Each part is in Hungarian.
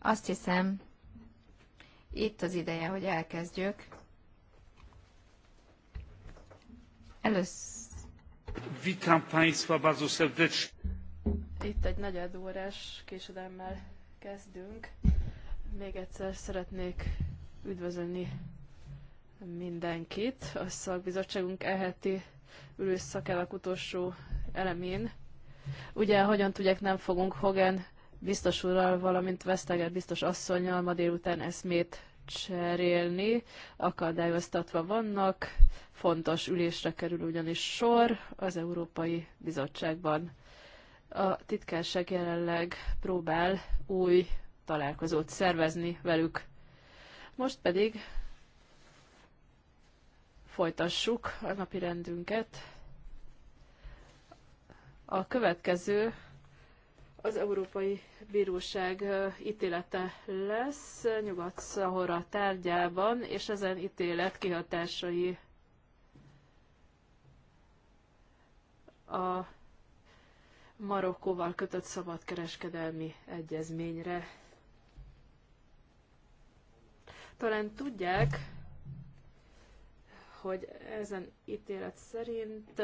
Azt hiszem, itt az ideje, hogy elkezdjük. Először. Witam Państwa bardzo serdecznie. Itt egy negyed órás késedelmmel kezdünk. Még egyszer szeretnék üdvözölni mindenkit a szakbizottságunk eheti ülésszakának utolsó elemén Ugye, hogyan tudják, nem fogunk Hogan biztos urral, valamint Vesztager biztos asszonyjal ma délután eszmét cserélni, akadályoztatva vannak. Fontos ülésre kerül ugyanis sor az Európai Bizottságban. A titkárság jelenleg próbál új találkozót szervezni velük. Most pedig folytassuk a napi rendünket. A következő az Európai Bíróság ítélete lesz Nyugat-Szahora tárgyában, és ezen ítélet kihatásai a Marokkóval kötött szabadkereskedelmi egyezményre. Talán tudják, hogy ezen ítélet szerint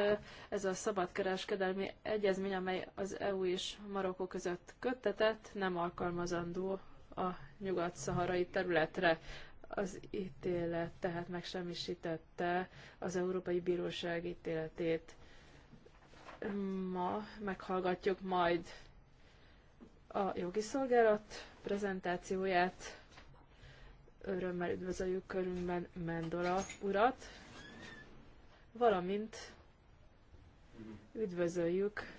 ez a szabadkereskedelmi egyezmény, amely az EU és Marokkó között köttetett, nem alkalmazandó a nyugat-szaharai területre. Az ítélet tehát megsemmisítette az Európai Bíróság ítéletét. Ma meghallgatjuk majd a jogi szolgálat prezentációját örömmel üdvözöljük körünkben Mendola urat, valamint üdvözöljük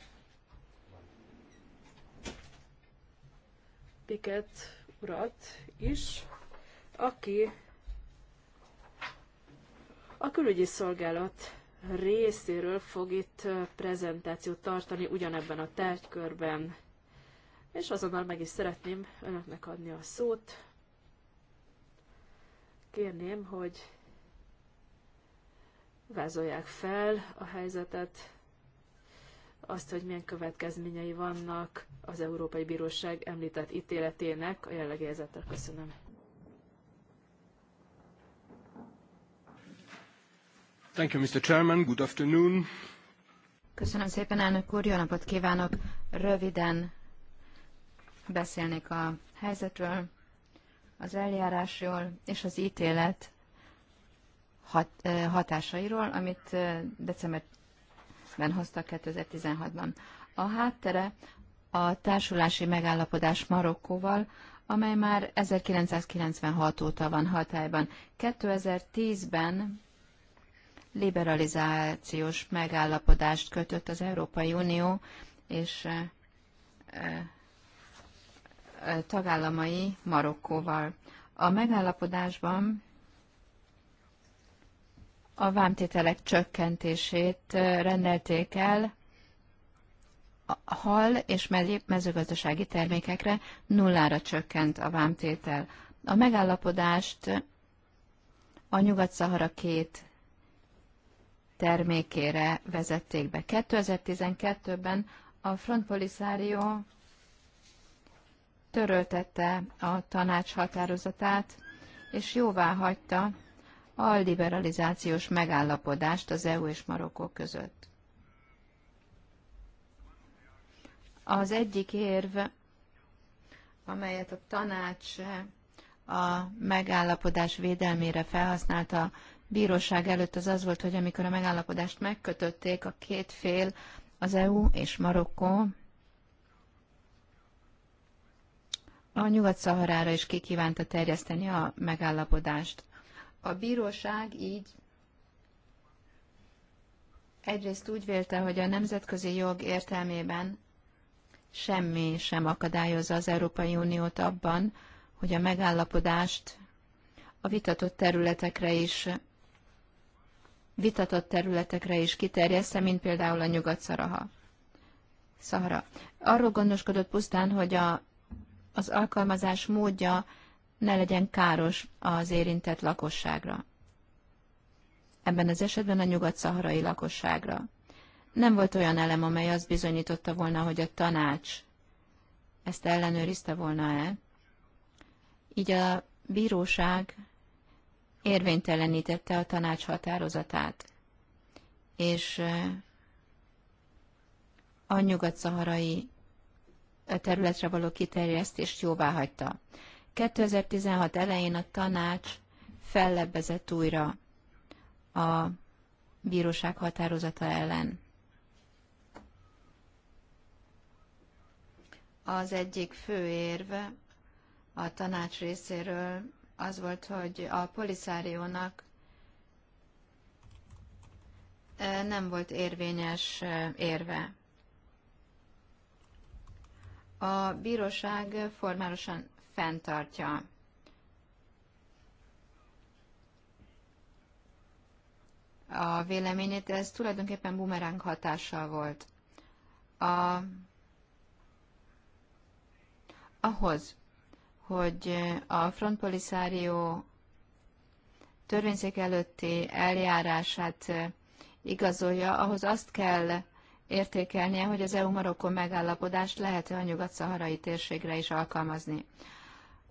Piket urat is, aki a külügyi szolgálat részéről fog itt prezentációt tartani ugyanebben a tárgykörben. És azonnal meg is szeretném önöknek adni a szót. Kérném, hogy vázolják fel a helyzetet, azt, hogy milyen következményei vannak az Európai Bíróság említett ítéletének a jelenlegi helyzetre. Köszönöm. Thank you, Mr. Chairman. Good afternoon. Köszönöm szépen, elnök úr. Jó napot kívánok. Röviden beszélnék a helyzetről, az eljárásról és az ítélet hat, hatásairól, amit decemberben hoztak 2016-ban. A háttere a társulási megállapodás Marokkóval, amely már 1996 óta van hatályban. 2010-ben liberalizációs megállapodást kötött az Európai Unió és tagállamai Marokkóval. A megállapodásban a vámtételek csökkentését rendelték el a hal és mezőgazdasági termékekre nullára csökkent a vámtétel. A megállapodást a Nyugat-Szahara két termékére vezették be. 2012-ben a Front Polisario töröltette a tanács határozatát, és jóvá hagyta a liberalizációs megállapodást az EU és Marokkó között. Az egyik érv, amelyet a tanács a megállapodás védelmére felhasználta a bíróság előtt, az az volt, hogy amikor a megállapodást megkötötték, a két fél, az EU és Marokkó, a Nyugat-Szaharára is kikívánta terjeszteni a megállapodást. A bíróság így egyrészt úgy vélte, hogy a nemzetközi jog értelmében semmi sem akadályozza az Európai Uniót abban, hogy a megállapodást a vitatott területekre is vitatott területekre is kiterjeszte, mint például a Nyugat-Szaraha. Szahara. Arról gondoskodott pusztán, hogy a, az alkalmazás módja ne legyen káros az érintett lakosságra. Ebben az esetben a nyugat-szaharai lakosságra. Nem volt olyan elem, amely azt bizonyította volna, hogy a tanács ezt ellenőrizte volna el. Így a bíróság érvénytelenítette a tanács határozatát, és a nyugat-szaharai területre való kiterjesztést jóvá hagyta. 2016 elején a tanács fellebbezett újra a bíróság határozata ellen. Az egyik fő érve a tanács részéről az volt, hogy a poliszáriónak nem volt érvényes érve. A bíróság formálisan, fenntartja. A véleményét ez tulajdonképpen bumerang hatással volt. A, ahhoz, hogy a Front Polisario törvényszék előtti eljárását igazolja, ahhoz azt kell értékelnie, hogy az EU-Marokkó megállapodást lehet-e a nyugat-szaharai térségre is alkalmazni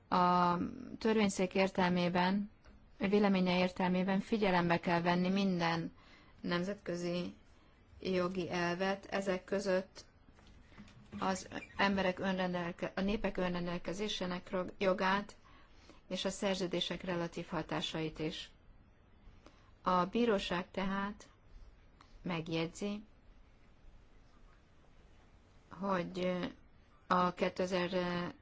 a törvényszék értelmében, a véleménye értelmében figyelembe kell venni minden nemzetközi jogi elvet, ezek között az emberek önrendelke, a népek önrendelkezésének jogát és a szerződések relatív hatásait is. A bíróság tehát megjegyzi, hogy a 2000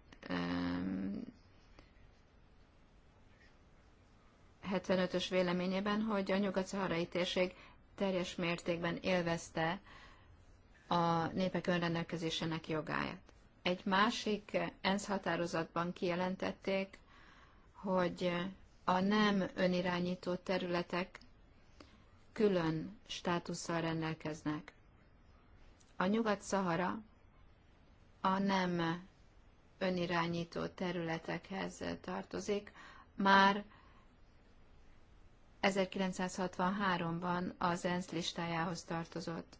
75-ös véleményében, hogy a nyugat-szaharai térség teljes mértékben élvezte a népek önrendelkezésének jogáját. Egy másik ENSZ határozatban kijelentették, hogy a nem önirányító területek külön státusszal rendelkeznek. A Nyugat-Szahara a nem önirányító területekhez tartozik, már 1963-ban az ENSZ listájához tartozott.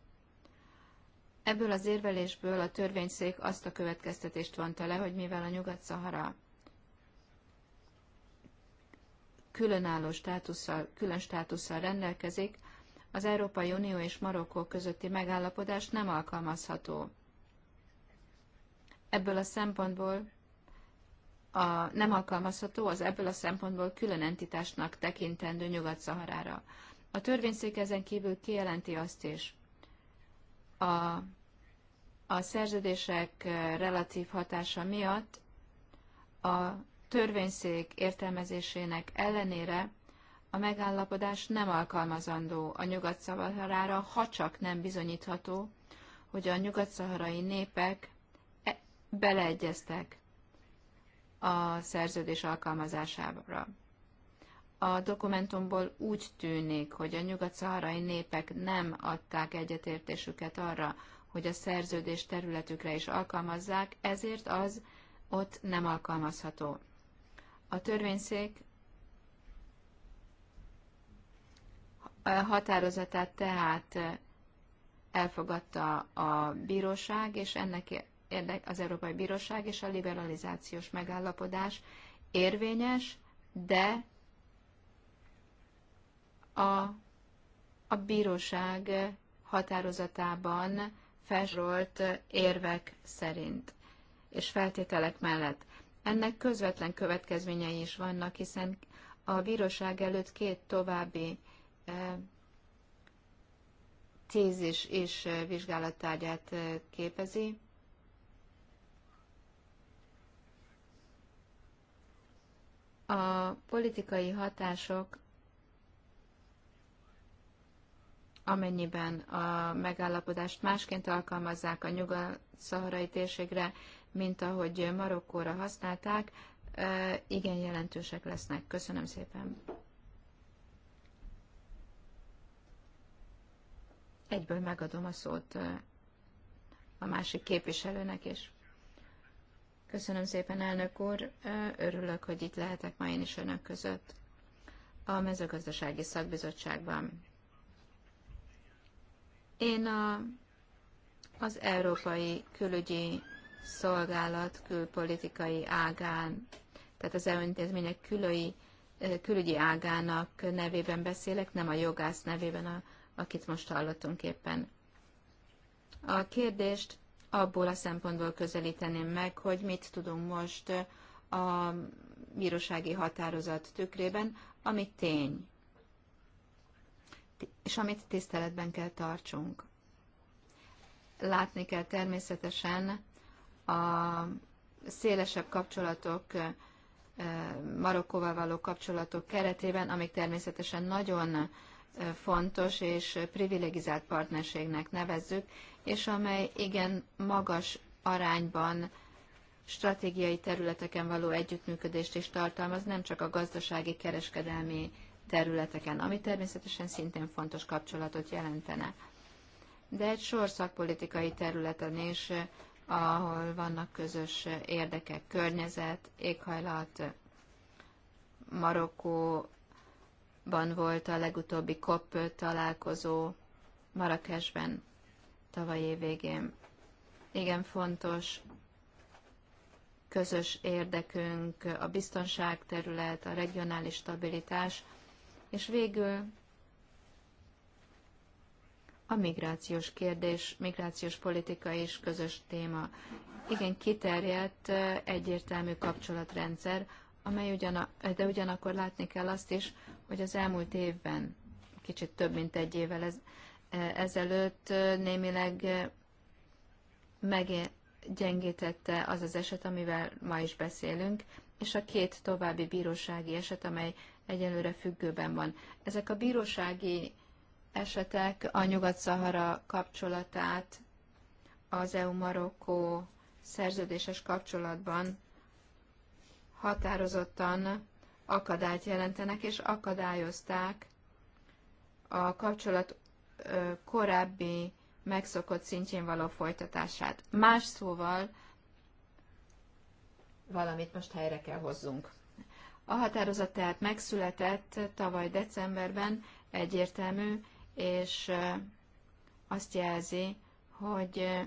Ebből az érvelésből a törvényszék azt a következtetést vonta le, hogy mivel a Nyugat-Szahara különálló státusszal, külön státusszal rendelkezik, az Európai Unió és Marokkó közötti megállapodás nem alkalmazható. Ebből a szempontból a, nem alkalmazható az ebből a szempontból külön entitásnak tekintendő Nyugat-Szaharára. A törvényszék ezen kívül kijelenti azt is, a, a szerződések relatív hatása miatt a törvényszék értelmezésének ellenére a megállapodás nem alkalmazandó a Nyugat-Szaharára, ha csak nem bizonyítható, hogy a nyugat-szaharai népek e, beleegyeztek a szerződés alkalmazására. A dokumentumból úgy tűnik, hogy a nyugat-szaharai népek nem adták egyetértésüket arra, hogy a szerződés területükre is alkalmazzák, ezért az ott nem alkalmazható. A törvényszék határozatát tehát elfogadta a bíróság, és ennek érdek, az Európai Bíróság és a liberalizációs megállapodás érvényes, de a, a bíróság határozatában felsorolt érvek szerint és feltételek mellett. Ennek közvetlen következményei is vannak, hiszen a bíróság előtt két további eh, tézis és eh, vizsgálattárgyát eh, képezi. a politikai hatások, amennyiben a megállapodást másként alkalmazzák a nyugat-szaharai térségre, mint ahogy Marokkóra használták, igen jelentősek lesznek. Köszönöm szépen. Egyből megadom a szót a másik képviselőnek is. Köszönöm szépen, elnök úr. Örülök, hogy itt lehetek ma én is önök között a mezőgazdasági szakbizottságban. Én a, az Európai Külügyi Szolgálat külpolitikai ágán, tehát az EU intézmények külői, külügyi ágának nevében beszélek, nem a jogász nevében, a, akit most hallottunk éppen. A kérdést abból a szempontból közelíteném meg, hogy mit tudunk most a bírósági határozat tükrében, amit tény, és amit tiszteletben kell tartsunk. Látni kell természetesen a szélesebb kapcsolatok, Marokkóval való kapcsolatok keretében, amik természetesen nagyon fontos és privilegizált partnerségnek nevezzük, és amely igen magas arányban stratégiai területeken való együttműködést is tartalmaz, nem csak a gazdasági, kereskedelmi területeken, ami természetesen szintén fontos kapcsolatot jelentene. De egy sor szakpolitikai területen is, ahol vannak közös érdekek, környezet, éghajlat, Marokkó, ban volt a legutóbbi COP találkozó Marrakesben tavaly év végén. Igen fontos közös érdekünk a biztonság terület, a regionális stabilitás, és végül a migrációs kérdés, migrációs politika is közös téma. Igen, kiterjedt, eh, egyértelmű kapcsolatrendszer, amely ugyana, de ugyanakkor látni kell azt is, hogy az elmúlt évben, kicsit több mint egy évvel ez, e, ezelőtt e, némileg e, meggyengítette az az eset, amivel ma is beszélünk, és a két további bírósági eset, amely egyelőre függőben van. Ezek a bírósági esetek a Nyugat-Szahara kapcsolatát az EU-Marokkó szerződéses kapcsolatban határozottan akadályt jelentenek, és akadályozták a kapcsolat korábbi megszokott szintjén való folytatását. Más szóval valamit most helyre kell hozzunk. A határozat tehát megszületett tavaly decemberben, egyértelmű, és azt jelzi, hogy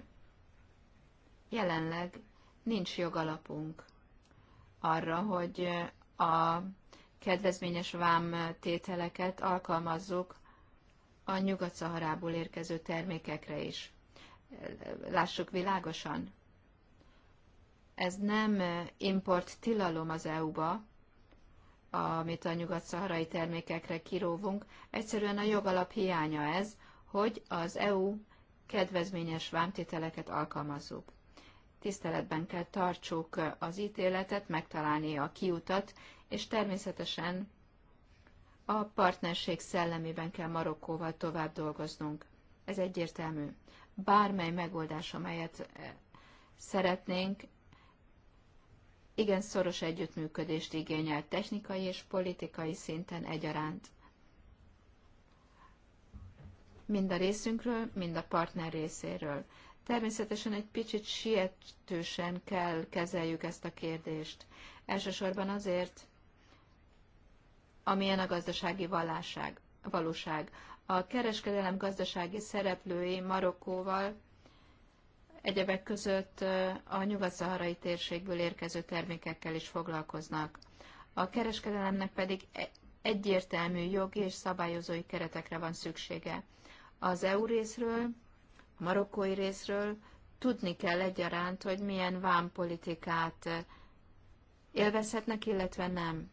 jelenleg nincs jogalapunk arra, hogy a kedvezményes vám tételeket alkalmazzuk a nyugat-szaharából érkező termékekre is. Lássuk világosan. Ez nem import tilalom az EU-ba, amit a nyugat-szaharai termékekre kiróvunk, egyszerűen a jogalap hiánya ez, hogy az EU kedvezményes vámtételeket alkalmazzuk tiszteletben kell tartsuk az ítéletet, megtalálni a kiutat, és természetesen a partnerség szellemében kell Marokkóval tovább dolgoznunk. Ez egyértelmű. Bármely megoldás, amelyet eh, szeretnénk, igen szoros együttműködést igényel technikai és politikai szinten egyaránt. Mind a részünkről, mind a partner részéről. Természetesen egy picit sietősen kell kezeljük ezt a kérdést. Elsősorban azért, amilyen a gazdasági valóság. valóság. A kereskedelem gazdasági szereplői Marokkóval egyebek között a nyugat-szaharai térségből érkező termékekkel is foglalkoznak. A kereskedelemnek pedig e-, egyértelmű jogi és szabályozói keretekre van szüksége. Az EU részről marokkói részről, tudni kell egyaránt, hogy milyen vámpolitikát eh, élvezhetnek, illetve nem.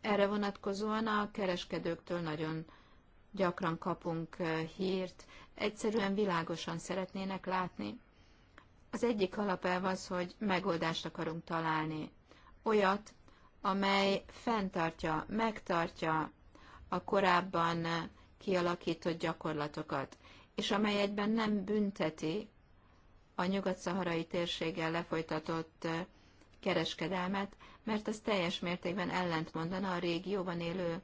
Erre vonatkozóan a kereskedőktől nagyon gyakran kapunk eh, hírt, egyszerűen világosan szeretnének látni. Az egyik alapelv az, hogy megoldást akarunk találni. Olyat, amely fenntartja, megtartja a korábban eh, kialakított gyakorlatokat, és amely egyben nem bünteti a nyugat-szaharai térséggel lefolytatott kereskedelmet, mert ez teljes mértékben ellentmondana a régióban élő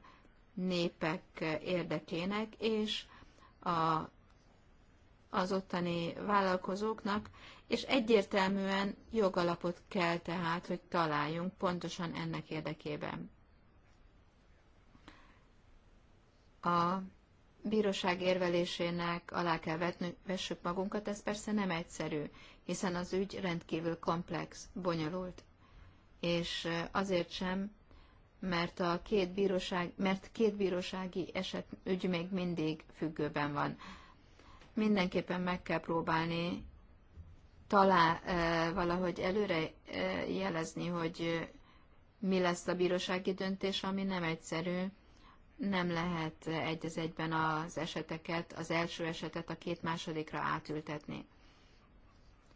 népek érdekének, és a, az ottani vállalkozóknak, és egyértelműen jogalapot kell tehát, hogy találjunk pontosan ennek érdekében. A bíróság érvelésének alá kell vetnünk, vessük magunkat, ez persze nem egyszerű, hiszen az ügy rendkívül komplex, bonyolult. És eh, azért sem, mert a két bíróság, mert két bírósági eset ügy még mindig függőben van. Mindenképpen meg kell próbálni talán e, eh, valahogy előre e, jelezni, hogy mi lesz a bírósági döntés, ami nem egyszerű, nem lehet egy az egyben az eseteket, az első esetet a két másodikra átültetni.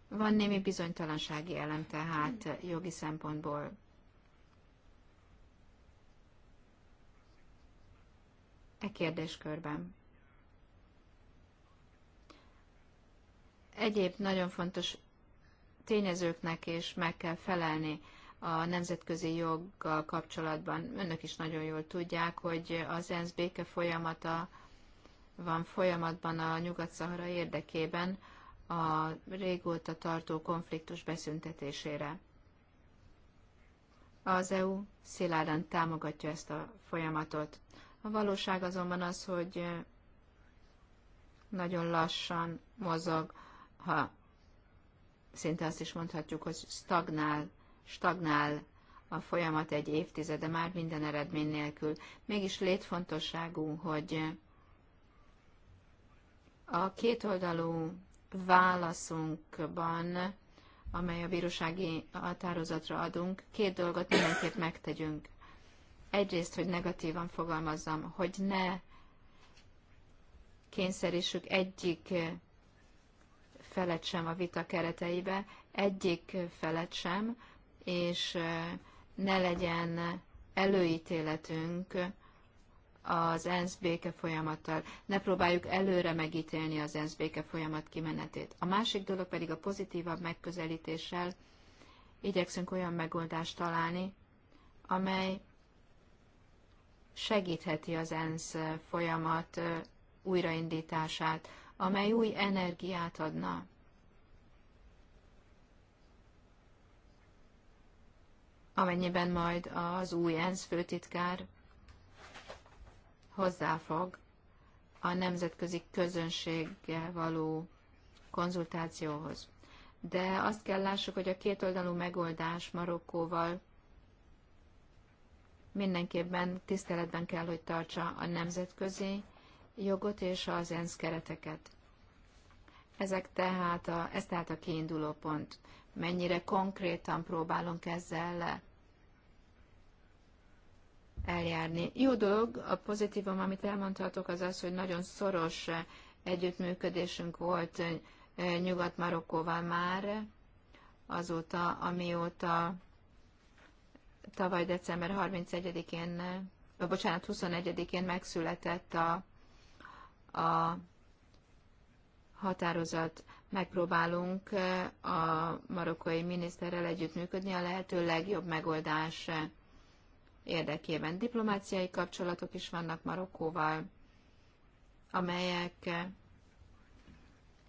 Van némi bizonytalansági elem tehát jogi szempontból. E kérdéskörben. Egyéb nagyon fontos tényezőknek is meg kell felelni a nemzetközi joggal kapcsolatban. Önök is nagyon jól tudják, hogy az ENSZ béke folyamata van folyamatban a Nyugat-Szahara érdekében a régóta tartó konfliktus beszüntetésére. Az EU szilárdan támogatja ezt a folyamatot. A valóság azonban az, hogy nagyon lassan mozog, ha szinte azt is mondhatjuk, hogy stagnál stagnál a folyamat egy évtizede már minden eredmény nélkül. Mégis létfontosságú, hogy a kétoldalú válaszunkban, amely a bírósági határozatra adunk, két dolgot mindenképp megtegyünk. Egyrészt, hogy negatívan fogalmazzam, hogy ne kényszerítsük egyik felet sem a vita kereteibe, egyik felet sem, és eh, ne legyen előítéletünk az ENSZ béke folyamattal. Ne próbáljuk előre megítélni az ENSZ béke folyamat kimenetét. A másik dolog pedig a pozitívabb megközelítéssel igyekszünk olyan megoldást találni, amely segítheti az ENSZ folyamat eh, újraindítását, amely új energiát adna amennyiben majd az új ENSZ főtitkár hozzáfog a nemzetközi közönséggel való konzultációhoz. De azt kell lássuk, hogy a kétoldalú megoldás Marokkóval mindenképpen tiszteletben kell, hogy tartsa a nemzetközi jogot és az ENSZ kereteket. Ezek tehát a, ez tehát a kiinduló pont. Mennyire konkrétan próbálunk ezzel eljárni. Jó dolog, a pozitívum, amit elmondhatok, az az, hogy nagyon szoros együttműködésünk volt eh, Nyugat-Marokkóval már, azóta, amióta tavaly december 31-én, eh, bocsánat, 21-én megszületett a, a határozat. Megpróbálunk eh, a marokkai miniszterrel együttműködni a lehető legjobb megoldás érdekében. Diplomáciai kapcsolatok is vannak Marokkóval, amelyek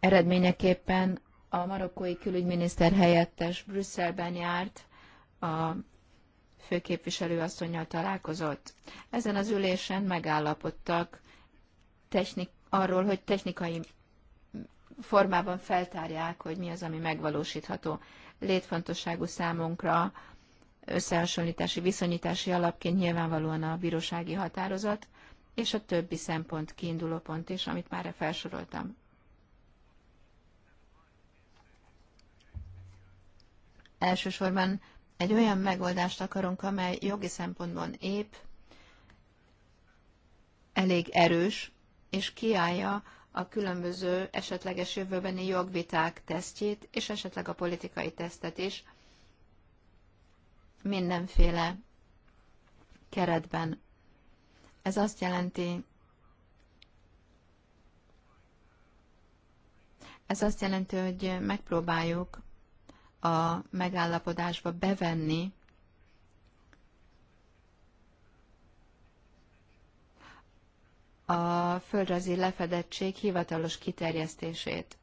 eredményeképpen a marokkói külügyminiszter helyettes Brüsszelben járt, a főképviselő asszonynal találkozott. Ezen az ülésen megállapodtak technik, arról, hogy technikai formában feltárják, hogy mi az, ami megvalósítható. Létfontosságú számunkra összehasonlítási, viszonyítási alapként nyilvánvalóan a bírósági határozat, és a többi szempont kiinduló pont is, amit már felsoroltam. Elsősorban egy olyan megoldást akarunk, amely jogi szempontból épp, elég erős, és kiállja a különböző esetleges jövőbeni jogviták tesztjét, és esetleg a politikai tesztet is, mindenféle keretben. Ez azt jelenti, ez azt jelenti, hogy megpróbáljuk a megállapodásba bevenni a földrajzi lefedettség hivatalos kiterjesztését,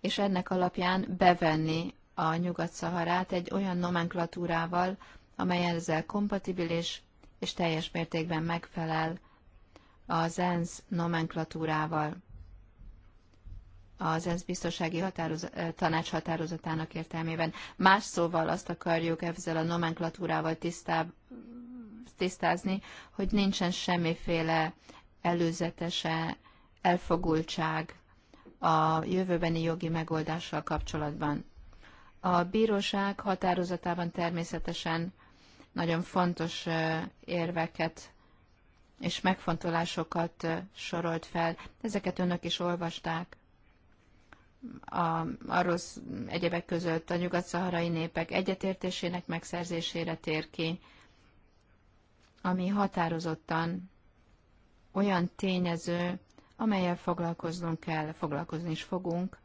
és ennek alapján bevenni a Nyugat-Szaharát egy olyan nomenklatúrával, amely ezzel kompatibilis és teljes mértékben megfelel az ENSZ nomenklatúrával. Az ENSZ biztonsági határoz- tanács határozatának értelmében. Más szóval azt akarjuk ezzel a nomenklatúrával tisztább, tisztázni, hogy nincsen semmiféle előzetese elfogultság a jövőbeni jogi megoldással kapcsolatban. A bíróság határozatában természetesen nagyon fontos érveket és megfontolásokat sorolt fel. Ezeket önök is olvasták. A, arról egyebek között a nyugat-szaharai népek egyetértésének megszerzésére tér ki, ami határozottan olyan tényező, amelyel foglalkoznunk kell, foglalkozni is fogunk,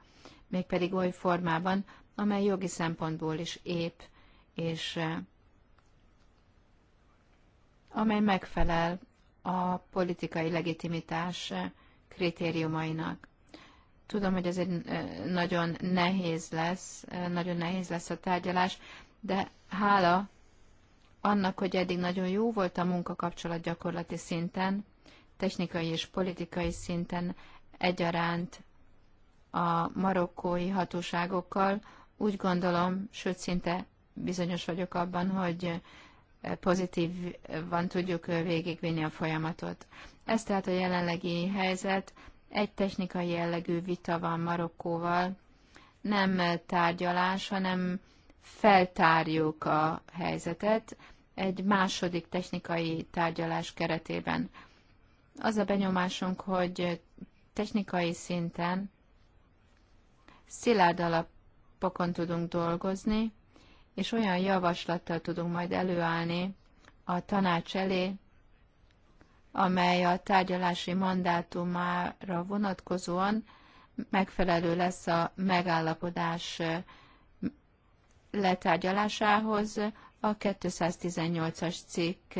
mégpedig oly formában, amely jogi szempontból is ép, és eh, amely megfelel a politikai legitimitás eh, kritériumainak. Tudom, hogy ez egy eh, nagyon nehéz lesz, nagyon nehéz lesz a tárgyalás, de hála annak, hogy eddig nagyon jó volt a munkakapcsolat gyakorlati szinten, technikai és politikai szinten egyaránt a marokkói hatóságokkal, úgy gondolom, sőt szinte bizonyos vagyok abban, hogy eh, pozitív van, tudjuk eh, végigvinni a folyamatot. Ez tehát a jelenlegi helyzet. Egy technikai jellegű vita van Marokkóval, nem eh, tárgyalás, hanem feltárjuk a helyzetet egy második technikai tárgyalás keretében. Az a benyomásunk, hogy technikai szinten szilárd alap alapokon tudunk dolgozni, és olyan javaslattal tudunk majd előállni a tanács elé, amely a tárgyalási mandátumára vonatkozóan megfelelő lesz a megállapodás letárgyalásához a 218-as cikk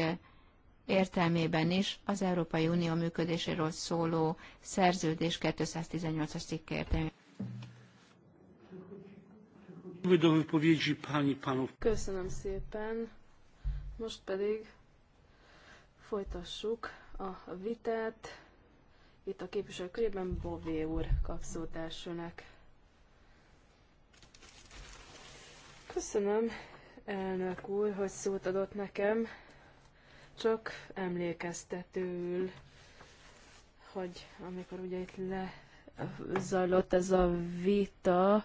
értelmében is az Európai Unió működéséről szóló szerződés 218-as cikk értelmében. Köszönöm szépen. Most pedig folytassuk a vitát. Itt a képviselő körében Bové úr kap elsőnek. Köszönöm, elnök úr, hogy szót adott nekem. Csak emlékeztetőül, hogy amikor ugye itt le zajlott ez a vita,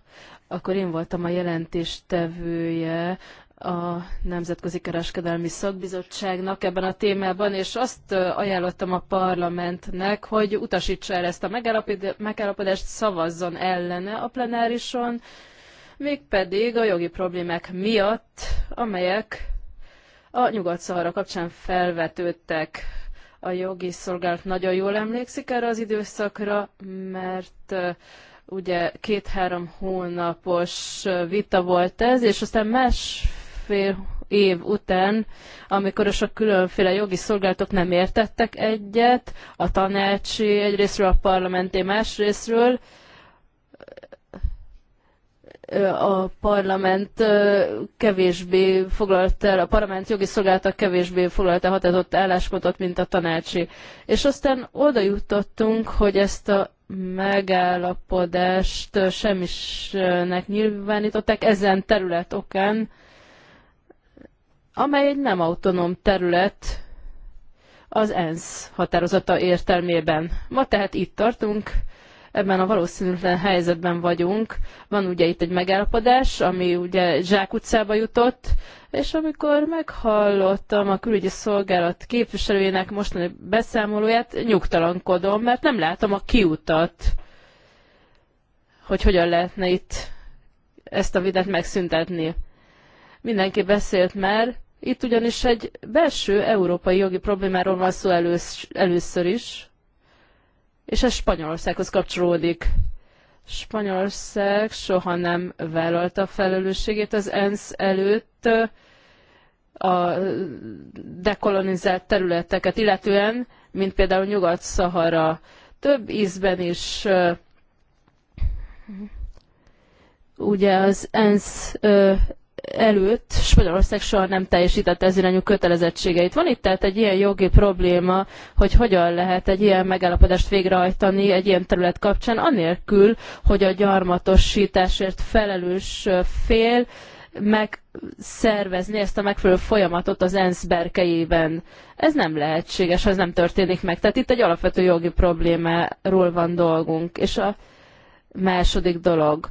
akkor én voltam a jelentéstevője a Nemzetközi Kereskedelmi Szakbizottságnak ebben a témában, és azt ajánlottam a parlamentnek, hogy utasítsa el ezt a megállapodást, szavazzon ellene a plenárison, mégpedig a jogi problémák miatt, amelyek a nyugat kapcsán felvetődtek a jogi szolgálat nagyon jól emlékszik erre az időszakra, mert ugye két-három hónapos vita volt ez, és aztán másfél év után, amikor is a különféle jogi szolgálatok nem értettek egyet, a tanácsi egyrésztről, a parlamenti másrésztről, a parlament kevésbé foglalt el, a parlament jogi szolgálata kevésbé foglalt el határozott álláspontot, mint a tanácsi. És aztán oda jutottunk, hogy ezt a megállapodást semmisnek nyilvánították ezen terület okán, amely egy nem autonóm terület az ENSZ határozata értelmében. Ma tehát itt tartunk, ebben a valószínűtlen helyzetben vagyunk. Van ugye itt egy megállapodás, ami ugye utcába jutott, és amikor meghallottam a külügyi szolgálat képviselőjének mostani beszámolóját, nyugtalankodom, mert nem látom a kiutat, hogy hogyan lehetne itt ezt a vitát megszüntetni. Mindenki beszélt már, itt ugyanis egy belső európai jogi problémáról van szó először is, és ez Spanyolországhoz kapcsolódik. Spanyolország soha nem vállalta felelősségét az ENSZ előtt a dekolonizált területeket, illetően, mint például Nyugat-Szahara. Több ízben is ugye az ENSZ előtt Spanyolország soha nem teljesítette ez irányú kötelezettségeit. Van itt tehát egy ilyen jogi probléma, hogy hogyan lehet egy ilyen megállapodást végrehajtani egy ilyen terület kapcsán, anélkül, hogy a gyarmatosításért felelős fél megszervezni ezt a megfelelő folyamatot az ENSZ berkeiben. Ez nem lehetséges, ha ez nem történik meg. Tehát itt egy alapvető jogi problémáról van dolgunk. És a második dolog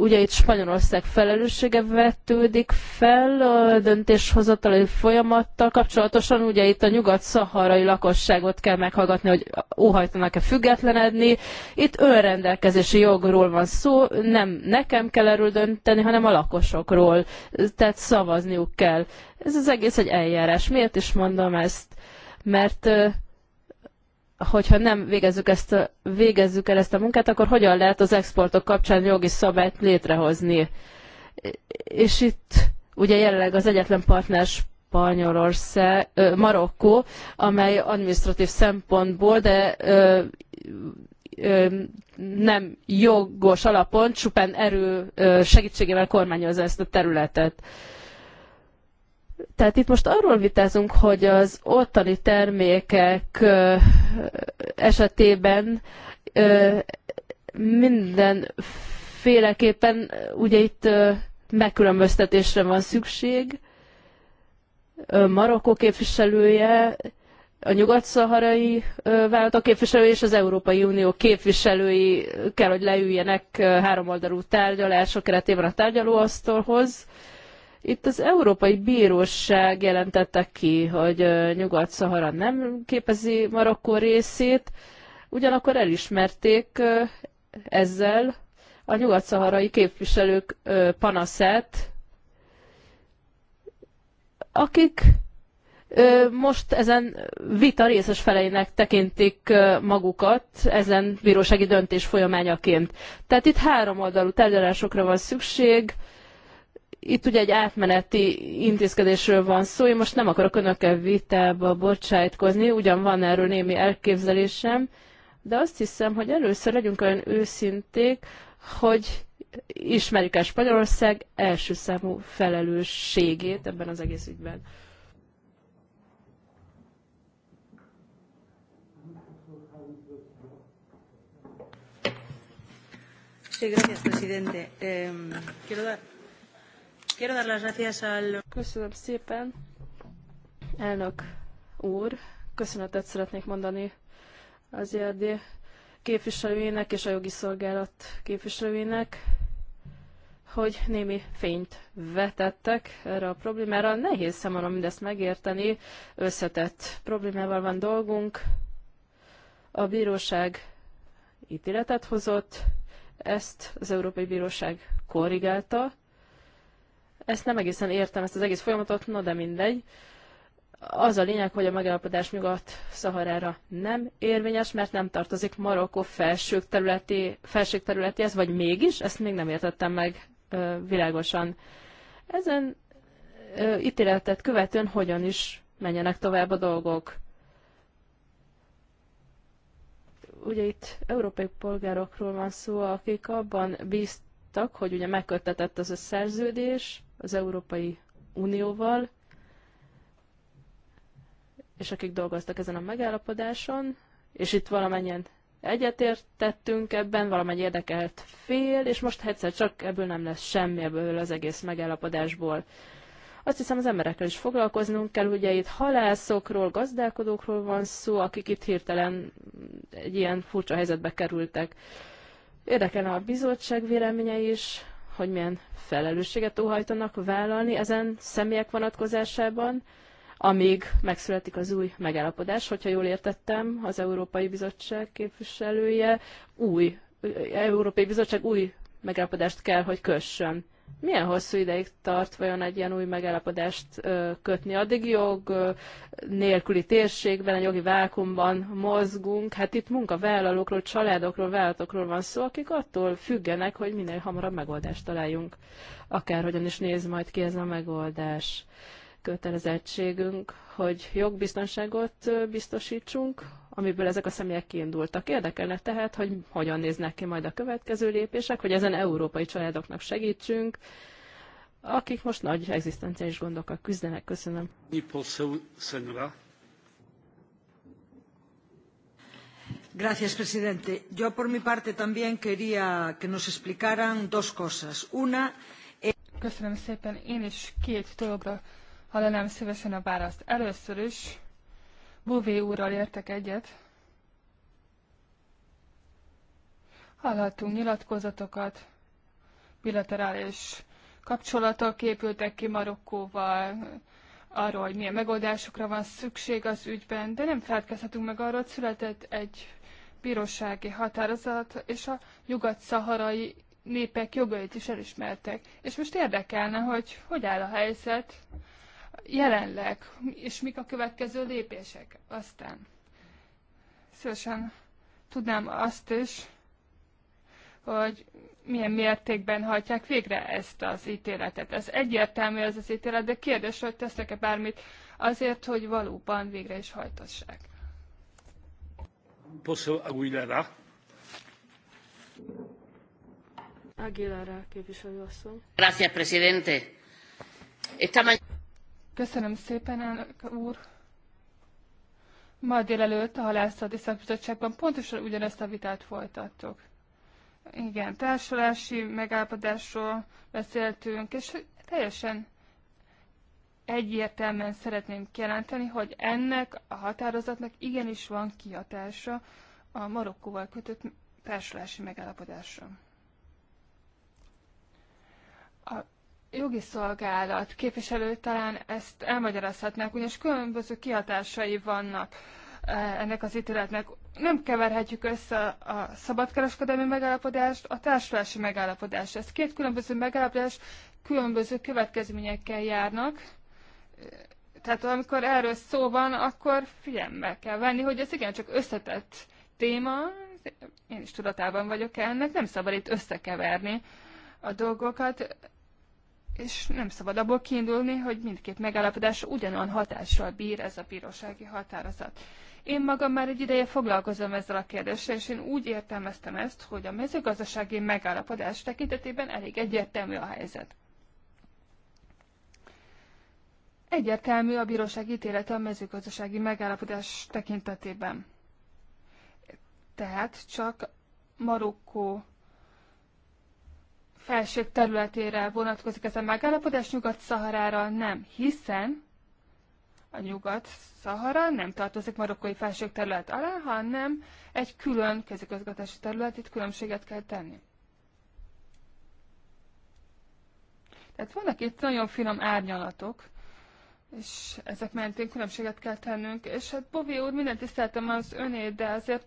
ugye itt Spanyolország felelőssége vetődik fel a döntéshozatali folyamattal kapcsolatosan, ugye itt a nyugat-szaharai lakosságot kell meghallgatni, hogy óhajtanak-e függetlenedni. Itt önrendelkezési jogról van szó, nem nekem kell erről dönteni, hanem a lakosokról, tehát szavazniuk kell. Ez az egész egy eljárás. Miért is mondom ezt? Mert hogyha nem végezzük, ezt, a, végezzük el ezt a munkát, akkor hogyan lehet az exportok kapcsán jogi szabályt létrehozni? És itt ugye jelenleg az egyetlen partner Spanyolország, Marokkó, amely administratív szempontból, de ö, ö, nem jogos alapon, csupán erő segítségével kormányozza ezt a területet. Ö, tehát itt most arról vitázunk, hogy az ottani termékek esetében mindenféleképpen ugye itt megkülönböztetésre van szükség. Marokkó képviselője, a nyugat-szaharai vállalatok képviselői és az Európai Unió képviselői kell, hogy leüljenek háromoldalú tárgyalások keretében a tárgyalóasztalhoz. Itt az Európai Bíróság jelentette ki, hogy Nyugat-Szahara nem képezi Marokkó részét, ugyanakkor elismerték ezzel a nyugat-szaharai képviselők panaszát, akik most ezen vita részes feleinek tekintik magukat ezen bírósági döntés folyamányaként. Tehát itt három oldalú tárgyalásokra van szükség, itt ugye egy átmeneti intézkedésről van szó, én most nem akarok önökkel vitába bocsájtkozni, ugyan van erről némi elképzelésem, de azt hiszem, hogy először legyünk olyan őszinték, hogy ismerjük el Spanyolország első számú felelősségét ebben az egész ügyben. Sí, gracias, presidente. Eh, quiero dar Köszönöm szépen, elnök úr. Köszönetet szeretnék mondani az ERD képviselőjének és a jogi szolgálat képviselőjének, hogy némi fényt vetettek erre a problémára. Nehéz számomra mindezt megérteni, összetett problémával van dolgunk. A bíróság ítéletet hozott, ezt az Európai Bíróság korrigálta, ezt nem egészen értem, ezt az egész folyamatot, na de mindegy. Az a lényeg, hogy a megállapodás Nyugat-Szaharára nem érvényes, mert nem tartozik Marokkó felsők területi, ez területéhez, vagy mégis, ezt még nem értettem meg ö, világosan. Ezen ö, ítéletet követően hogyan is menjenek tovább a dolgok. Ugye itt európai polgárokról van szó, akik abban bízt, láttak, hogy ugye megkötetett az a szerződés az Európai Unióval, és akik dolgoztak ezen a megállapodáson, és itt valamennyien egyetértettünk ebben, valamennyi érdekelt fél, és most egyszer csak ebből nem lesz semmi, ebből az egész megállapodásból. Azt hiszem az emberekkel is foglalkoznunk kell, ugye itt halászokról, gazdálkodókról van szó, akik itt hirtelen egy ilyen furcsa helyzetbe kerültek. Érdekelne a bizottság véleménye is, hogy milyen felelősséget óhajtanak vállalni ezen személyek vonatkozásában, amíg megszületik az új megállapodás. Hogyha jól értettem, az Európai Bizottság képviselője új, Európai Bizottság új megállapodást kell, hogy kössön. Milyen hosszú ideig tart vajon egy ilyen új megállapodást kötni? Addig jog nélküli térségben, egy jogi vákumban mozgunk. Hát itt munkavállalókról, családokról, vállalatokról van szó, akik attól függenek, hogy minél hamarabb megoldást találjunk. Akárhogyan is néz majd ki ez a megoldás kötelezettségünk, hogy jogbiztonságot biztosítsunk, amiből ezek a személyek kiindultak. Érdekelne tehát, hogy hogyan néznek ki majd a következő lépések, hogy ezen európai családoknak segítsünk, akik most nagy egzisztenciális gondokkal küzdenek. Köszönöm. Gracias, presidente. Yo, por mi parte, también quería que nos explicaran dos cosas. Una... Köszönöm szépen. Én is két dologra hallanám szívesen a választ. Először is Bové úrral értek egyet. Hallhattunk nyilatkozatokat, bilaterális kapcsolatok képültek ki Marokkóval, arról, hogy milyen megoldásokra van szükség az ügyben, de nem feltkezhetünk meg arról, hogy született egy bírósági határozat, és a nyugat-szaharai népek jogait is elismertek. És most érdekelne, hogy hogy áll a helyzet jelenleg, és mik a következő lépések. Aztán szívesen tudnám azt is, hogy milyen mértékben hajtják végre ezt az ítéletet. Ez egyértelmű ez az ítélet, de kérdés, hogy tesznek-e bármit azért, hogy valóban végre is hajtassák. Poszol Aguilera. Aguilera asszony. Gracias, presidente. Esta Köszönöm szépen, elnök úr. Ma délelőtt a halászati szakbizottságban pontosan ugyanezt a vitát folytattuk. Igen, társulási megállapodásról beszéltünk, és teljesen egyértelműen szeretném kijelenteni, hogy ennek a határozatnak igenis van kihatása a Marokkóval kötött társulási megállapodásra. A jogi szolgálat képviselő talán ezt elmagyarázhatnák, ugyanis különböző kihatásai vannak eh, ennek az ítéletnek. Nem keverhetjük össze a szabadkereskedelmi megállapodást a társulási megállapodást. Ez két különböző megállapodás különböző következményekkel járnak. Eh, tehát amikor erről szó van, akkor figyelme kell venni, hogy ez igencsak összetett téma, én is tudatában vagyok ennek, nem szabad itt összekeverni a dolgokat és nem szabad abból kiindulni, hogy mindkét megállapodás ugyanolyan hatással bír ez a bírósági határozat. Én magam már egy ideje foglalkozom ezzel a kérdéssel, és én úgy értelmeztem ezt, hogy a mezőgazdasági megállapodás tekintetében elég egyértelmű a helyzet. Egyértelmű a bíróság ítélete a mezőgazdasági megállapodás tekintetében. Tehát csak Marokkó felség területére vonatkozik ez a megállapodás, Nyugat-Szaharára nem, hiszen a Nyugat-Szahara nem tartozik marokkói felség terület alá, hanem egy külön közigazgatási terület, itt különbséget kell tenni. Tehát vannak itt nagyon finom árnyalatok, és ezek mentén különbséget kell tennünk, és hát Bovi úr, minden tiszteltem az önét, de azért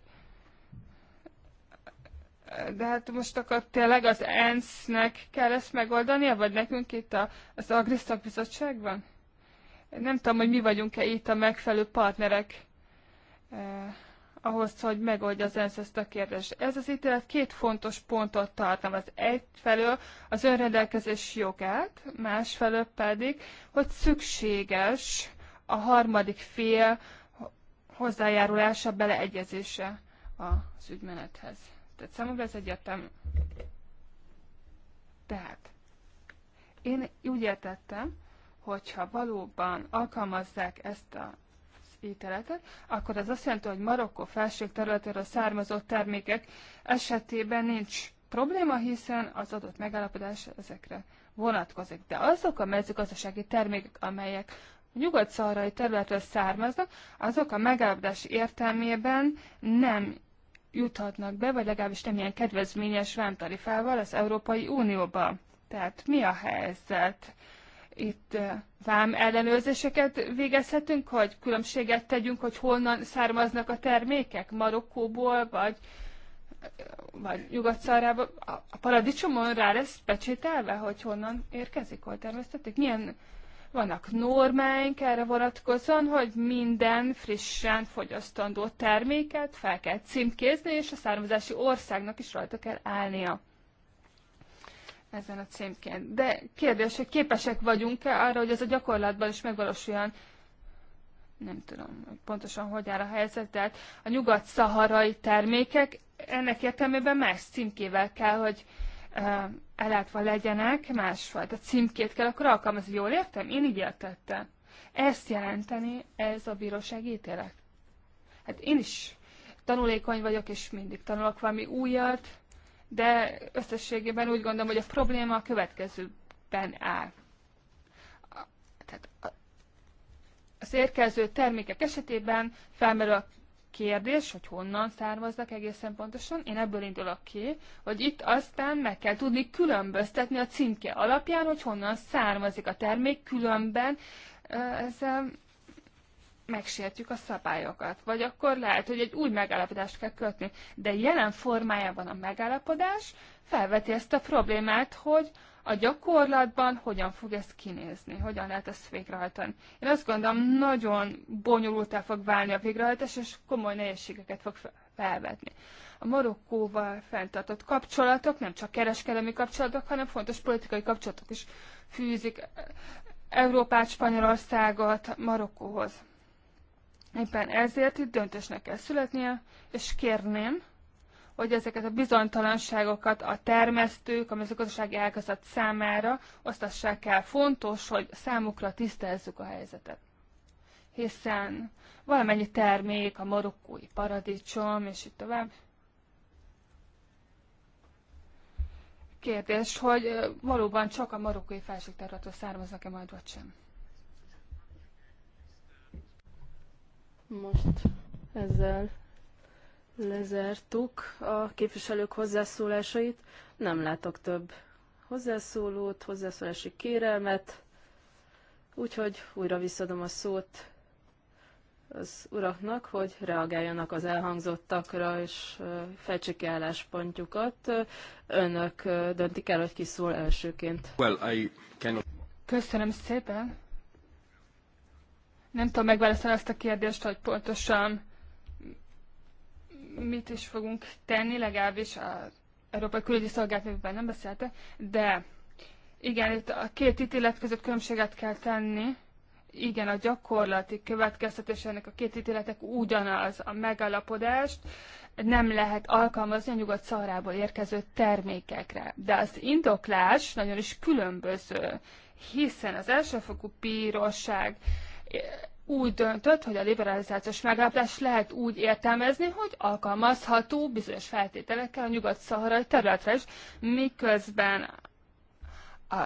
de hát most akkor tényleg az ENSZ-nek kell ezt megoldania, vagy nekünk itt a, az Agrisztak Bizottságban? Nem tudom, hogy mi vagyunk-e itt a megfelelő partnerek eh, ahhoz, hogy megoldja az ENSZ ezt a kérdést. Ez az ítélet két fontos pontot tartalmaz. Egyfelől az önrendelkezés jogát, másfelől pedig, hogy szükséges a harmadik fél hozzájárulása, beleegyezése az ügymenethez. Tehát számomra ez egyetem. Tehát én úgy értettem, hogyha valóban alkalmazzák ezt a ételetet, akkor az azt jelenti, hogy Marokkó felség területéről származó termékek esetében nincs probléma, hiszen az adott megállapodás ezekre vonatkozik. De azok a mezőgazdasági termékek, amelyek nyugat-szaharai területről származnak, azok a megállapodás értelmében nem juthatnak be, vagy legalábbis nem ilyen kedvezményes vámtarifával az Európai Unióba. Tehát mi a helyzet? Itt eh, vám ellenőrzéseket végezhetünk, hogy különbséget tegyünk, hogy honnan származnak a termékek? Marokkóból, vagy, vagy nyugat A paradicsomon rá lesz pecsételve, hogy honnan érkezik, hol termesztették? Milyen vannak normáink erre vonatkozóan, hogy minden frissen fogyasztandó terméket fel kell címkézni, és a származási országnak is rajta kell állnia ezen a címkén. De kérdés, hogy képesek vagyunk-e arra, hogy ez a gyakorlatban is megvalósuljon? Nem tudom, hogy pontosan hogy áll a helyzet, de hát a nyugat-szaharai termékek ennek értelmében más címkével kell, hogy ellátva legyenek, másfajta címkét kell akkor alkalmazni. Jól értem? Én így értettem. Ezt jelenteni ez a bíróság ítélet. Hát én is tanulékony vagyok, és mindig tanulok valami újat, de összességében úgy gondolom, hogy a probléma a következőben áll. Tehát az érkező termékek esetében felmerül a kérdés, hogy honnan származnak egészen pontosan. Én ebből indulok ki, hogy itt aztán meg kell tudni különböztetni a címke alapján, hogy honnan származik a termék, különben ezzel megsértjük a szabályokat. Vagy akkor lehet, hogy egy új megállapodást kell kötni. De jelen formájában a megállapodás felveti ezt a problémát, hogy, a gyakorlatban hogyan fog ez kinézni, hogyan lehet ezt végrehajtani. Én azt gondolom, nagyon bonyolultá fog válni a végrehajtás, és komoly nehézségeket fog felvetni. A Marokkóval fenntartott kapcsolatok, nem csak kereskedelmi kapcsolatok, hanem fontos politikai kapcsolatok is fűzik Európát, Spanyolországot Marokkóhoz. Éppen ezért itt döntésnek kell születnie, és kérném, hogy ezeket a bizonytalanságokat a termesztők, a mezőgazdasági ágazat számára osztassák el. Fontos, hogy számukra tisztelzzük a helyzetet. Hiszen valamennyi termék, a marokkói paradicsom, és itt tovább. Kérdés, hogy valóban csak a marokkói felségterületről származnak-e majd, vagy sem. Most ezzel Lezártuk a képviselők hozzászólásait. Nem látok több hozzászólót, hozzászólási kérelmet, úgyhogy újra visszadom a szót az uraknak, hogy reagáljanak az elhangzottakra, és fejtsék ki álláspontjukat. Önök döntik el, hogy ki szól elsőként. Well, I cannot... Köszönöm szépen. Nem tudom megválaszolni azt a kérdést, hogy pontosan mit is fogunk tenni, legalábbis a Európai Külügyi Szolgáltatásban nem beszélte, de igen, itt a két ítélet között különbséget kell tenni. Igen, a gyakorlati következtetés ennek a két ítéletek ugyanaz. A megalapodást nem lehet alkalmazni a nyugat szarából érkező termékekre. De az indoklás nagyon is különböző, hiszen az elsőfokú bíróság úgy döntött, hogy a liberalizációs megállapodást lehet úgy értelmezni, hogy alkalmazható bizonyos feltételekkel a nyugat-szaharai területre is, miközben a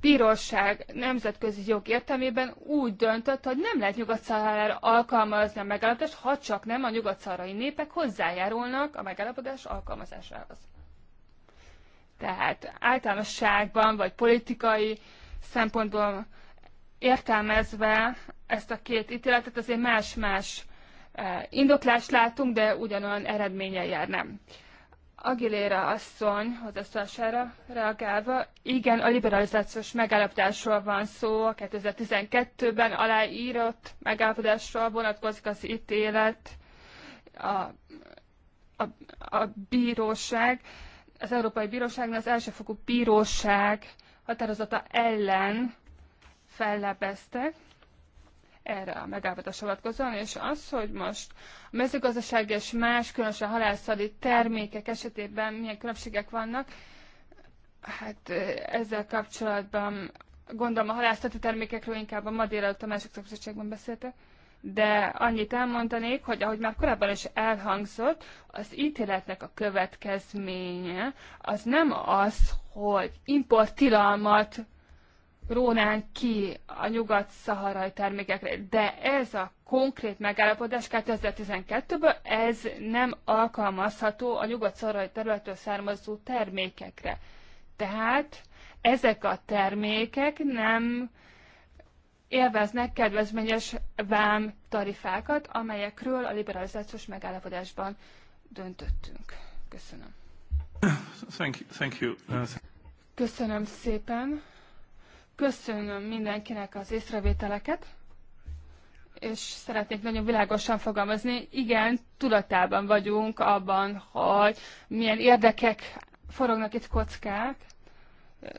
bíróság nemzetközi jog értelmében úgy döntött, hogy nem lehet nyugat alkalmazni a megállapodást, ha csak nem a nyugat népek hozzájárulnak a megállapodás alkalmazásához. Tehát általánosságban vagy politikai szempontból értelmezve ezt a két ítéletet azért más-más e, indoklást látunk, de ugyanolyan eredménnyel járnám. Aguilera asszony hozzászólására reagálva, igen, a liberalizációs megállapodásról van szó, a 2012-ben aláírott megállapodásról vonatkozik az ítélet, a, a, a bíróság, az Európai Bíróságnak az elsőfokú bíróság határozata ellen fellebeztek erre a megállapodásra vonatkozóan, és az, hogy most a mezőgazdaság és más, különösen halászati termékek esetében milyen különbségek vannak, hát ezzel kapcsolatban gondolom a halászati termékekről inkább a ma délelőtt a másik szakbizottságban beszéltek, de annyit elmondanék, hogy ahogy már korábban is elhangzott, az ítéletnek a következménye az nem az, hogy importtilalmat Rónán ki a nyugat-szaharai termékekre, de ez a konkrét megállapodás 2012-ből, ez nem alkalmazható a nyugat-szaharai területről származó termékekre. Tehát ezek a termékek nem élveznek kedvezményes vám tarifákat, amelyekről a liberalizációs megállapodásban döntöttünk. Köszönöm. Thank you. Thank you. Köszönöm szépen. Köszönöm mindenkinek az észrevételeket, és szeretnék nagyon világosan fogalmazni, igen, tudatában vagyunk abban, hogy milyen érdekek forognak itt kockák,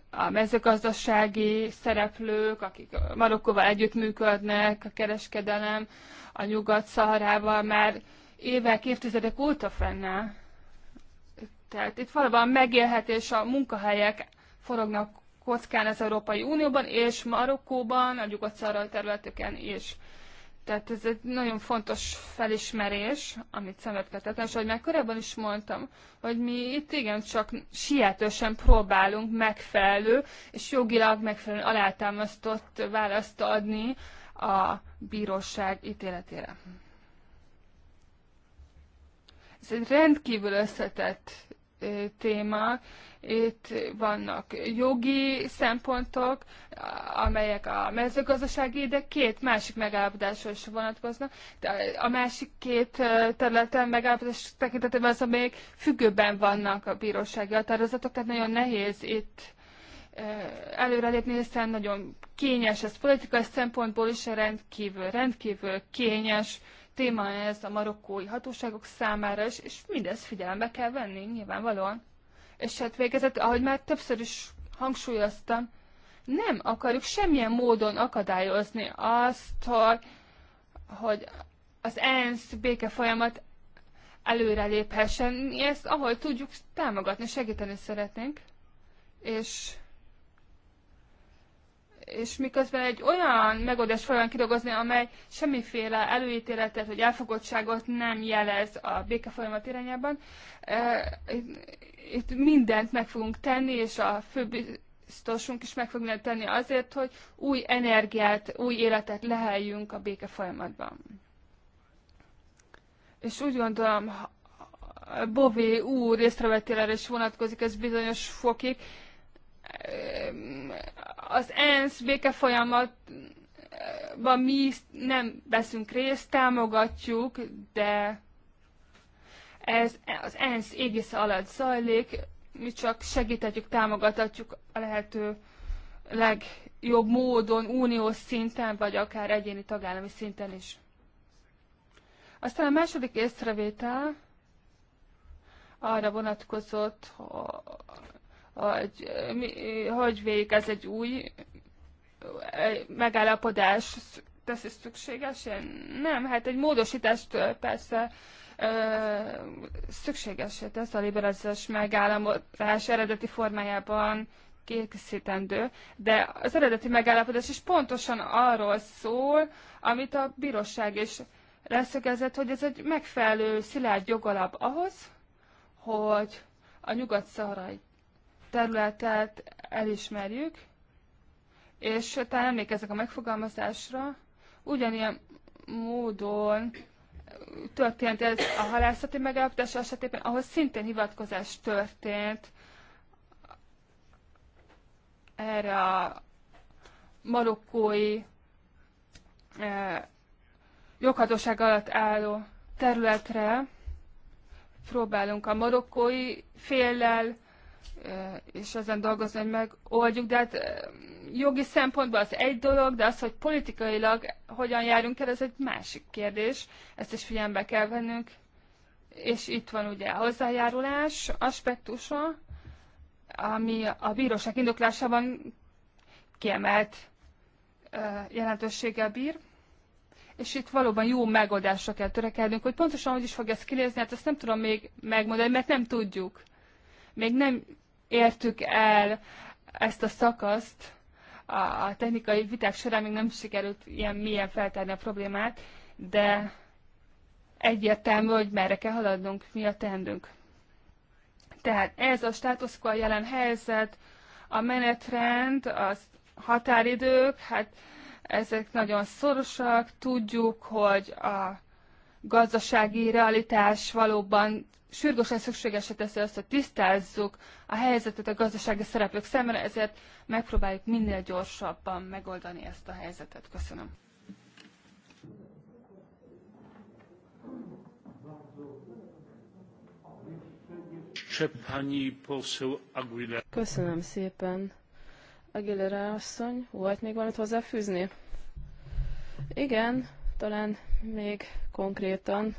a mezőgazdasági szereplők, akik Marokkóval együttműködnek, a kereskedelem, a Nyugat-Szaharával már évek, évtizedek óta fennáll. Tehát itt valóban megélhetés, a munkahelyek forognak kockán az Európai Unióban és Marokkóban, a nyugat területeken is. Tehát ez egy nagyon fontos felismerés, amit szemléltetetlen, és ahogy már korábban is mondtam, hogy mi itt igen csak sietősen próbálunk megfelelő és jogilag megfelelően alátámasztott választ adni a bíróság ítéletére. Ez egy rendkívül összetett téma. Itt vannak jogi szempontok, amelyek a mezőgazdasági, de két másik megállapodásra is vonatkoznak. De a másik két területen megállapodás tekintetében az, amelyek függőben vannak a bírósági határozatok, tehát nagyon nehéz itt előrelépni, hiszen nagyon kényes ez politikai szempontból is, rendkívül, rendkívül kényes téma ez a marokkói hatóságok számára is, és mindezt figyelembe kell venni, nyilvánvalóan. És hát végezett, ahogy már többször is hangsúlyoztam, nem akarjuk semmilyen módon akadályozni azt, hogy, hogy az ENSZ béke folyamat előreléphessen. Mi ezt, ahol tudjuk, támogatni, segíteni szeretnénk. És és miközben egy olyan megoldást fognak kidolgozni, amely semmiféle előítéletet vagy elfogottságot nem jelez a folyamat irányában. Eh, itt mindent meg fogunk tenni, és a főbiztosunk is meg fognak tenni azért, hogy új energiát, új életet leheljünk a béke folyamatban. És úgy gondolom, Bové úr észrevetélere is vonatkozik ez bizonyos fokig, az ENSZ békefolyamatban mi nem veszünk részt, támogatjuk, de ez az ENSZ égisze alatt zajlik, mi csak segíthetjük, támogatjuk a lehető legjobb módon, uniós szinten, vagy akár egyéni tagállami szinten is. Aztán a második észrevétel arra vonatkozott, hogy, hogy végez egy új megállapodás teszi szükségesen? Nem, hát egy módosítást persze ö, szükséges hát ez a liberalizás megállapodás eredeti formájában készítendő, de az eredeti megállapodás is pontosan arról szól, amit a bíróság is leszögezett, hogy ez egy megfelelő szilárd jogalap ahhoz, hogy a nyugat-szaharai területet elismerjük, és talán emlékeznek a megfogalmazásra, ugyanilyen módon történt ez a halászati megállapodás esetében, ahol szintén hivatkozás történt erre a marokkói eh, joghatóság alatt álló területre. Próbálunk a marokkói féllel és ezen dolgozni, hogy megoldjuk, de hát jogi szempontból az egy dolog, de az, hogy politikailag hogyan járunk el, ez egy másik kérdés, ezt is figyelembe kell vennünk, és itt van ugye a hozzájárulás aspektusa, ami a bíróság indoklásában kiemelt jelentőséggel bír, és itt valóban jó megoldásra kell törekednünk, hogy pontosan hogy is fog ez kinézni, hát ezt nem tudom még megmondani, mert nem tudjuk. Még nem értük el ezt a szakaszt, a technikai viták során még nem sikerült ilyen milyen feltárni a problémát, de egyértelmű, hogy merre kell haladnunk, mi a tendünk. Tehát ez a status quo jelen helyzet, a menetrend, a határidők, hát ezek nagyon szorosak, tudjuk, hogy a gazdasági realitás valóban sürgősen szükségesé teszi azt, hogy tisztázzuk a helyzetet a gazdasági szereplők szemére ezért megpróbáljuk minél gyorsabban megoldani ezt a helyzetet. Köszönöm. Köszönöm szépen. Aguilera asszony, volt még valamit hozzáfűzni? Igen, talán még konkrétan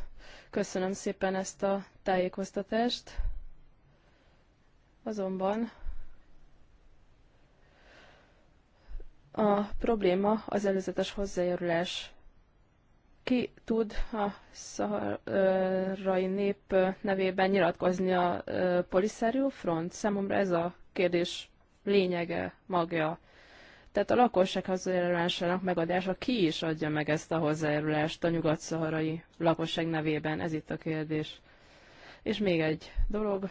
Köszönöm szépen ezt a tájékoztatást. Azonban a probléma az előzetes hozzájárulás. Ki tud a szaharai nép nevében nyilatkozni a Polisario Front? Számomra ez a kérdés lényege, magja. Tehát a lakosság hozzájárulásának megadása ki is adja meg ezt a hozzájárulást a nyugat-szaharai lakosság nevében? Ez itt a kérdés. És még egy dolog.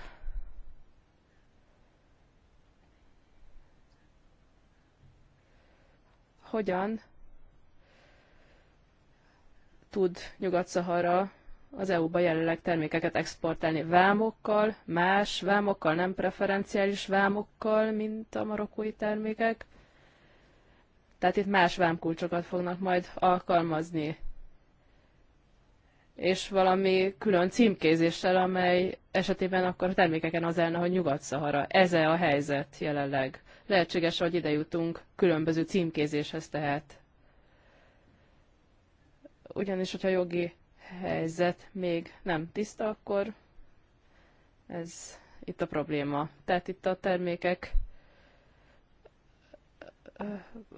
Hogyan tud Nyugat-Szahara az EU-ba jelenleg termékeket exportálni vámokkal, más vámokkal, nem preferenciális vámokkal, mint a marokkói termékek? Tehát itt más vámkulcsokat fognak majd alkalmazni. És valami külön címkézéssel, amely esetében akkor a termékeken az elne, hogy Nyugat-Szahara. Ez -e a helyzet jelenleg. Lehetséges, hogy ide jutunk különböző címkézéshez tehát. Ugyanis, hogyha jogi helyzet még nem tiszta, akkor ez itt a probléma. Tehát itt a termékek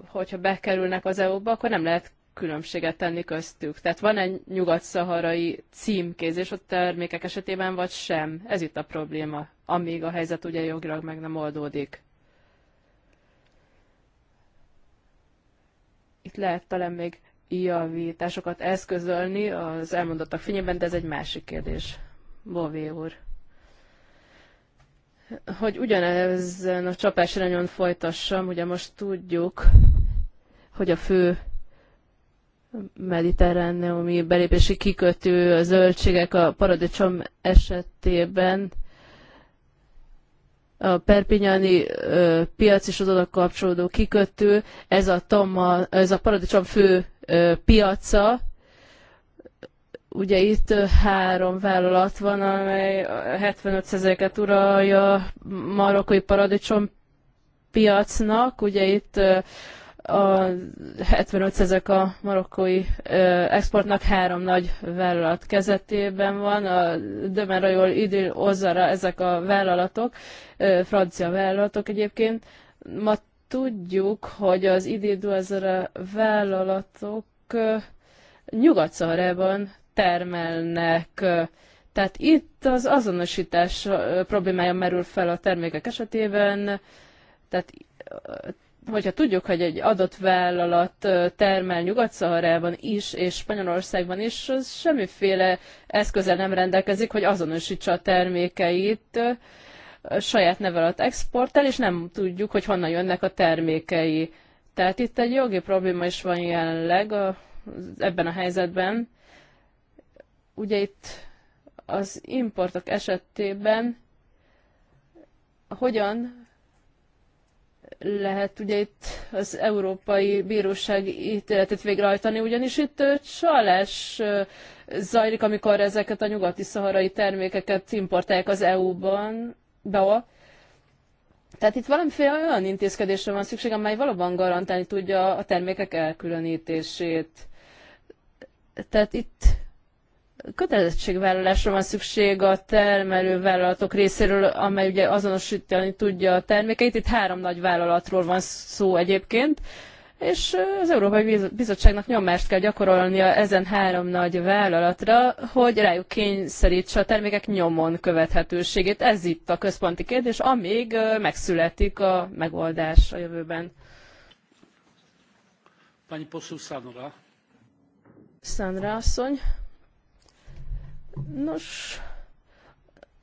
hogyha bekerülnek az EU-ba, akkor nem lehet különbséget tenni köztük. Tehát van egy nyugat-szaharai címkézés a termékek esetében, vagy sem. Ez itt a probléma, amíg a helyzet ugye jogilag meg nem oldódik. Itt lehet talán még javításokat eszközölni az elmondottak fényében, de ez egy másik kérdés. Bové úr hogy ugyanezen a csapás irányon folytassam, ugye most tudjuk, hogy a fő mediterráneumi belépési kikötő, a zöldségek a paradicsom esetében a perpinyani ö, piac és az oda kapcsolódó kikötő, ez a, tomma, ez a paradicsom fő ö, piaca, Ugye itt három vállalat van, amely 75%-et uralja a marokkói paradicsom piacnak. Ugye itt a 75 ezek a marokkói exportnak három nagy vállalat kezetében van, a Dömerajol, Idil, Ozara, ezek a vállalatok, francia vállalatok egyébként. Ma tudjuk, hogy az Idil, Ozara vállalatok nyugat termelnek. Tehát itt az azonosítás problémája merül fel a termékek esetében, tehát hogyha tudjuk, hogy egy adott vállalat termel Nyugat-Szaharában is, és Spanyolországban is, az semmiféle eszköze nem rendelkezik, hogy azonosítsa a termékeit, a saját alatt exportál, és nem tudjuk, hogy honnan jönnek a termékei. Tehát itt egy jogi probléma is van jelenleg a, ebben a helyzetben, Ugye itt az importok esetében hogyan lehet ugye itt az Európai Bíróság ítéletet végrehajtani, ugyanis itt csalás zajlik, amikor ezeket a nyugati szaharai termékeket importálják az EU-ban, be. Tehát itt valamiféle olyan intézkedésre van szükség, amely valóban garantálni tudja a termékek elkülönítését. Tehát itt kötelezettségvállalásra van szükség a vállalatok részéről, amely ugye azonosítani tudja a termékeit. Itt három nagy vállalatról van szó egyébként, és az Európai Bizottságnak nyomást kell gyakorolnia ezen három nagy vállalatra, hogy rájuk kényszerítse a termékek nyomon követhetőségét. Ez itt a központi kérdés, amíg megszületik a megoldás a jövőben. Pani poszul Sandra. Sandra asszony. Nos,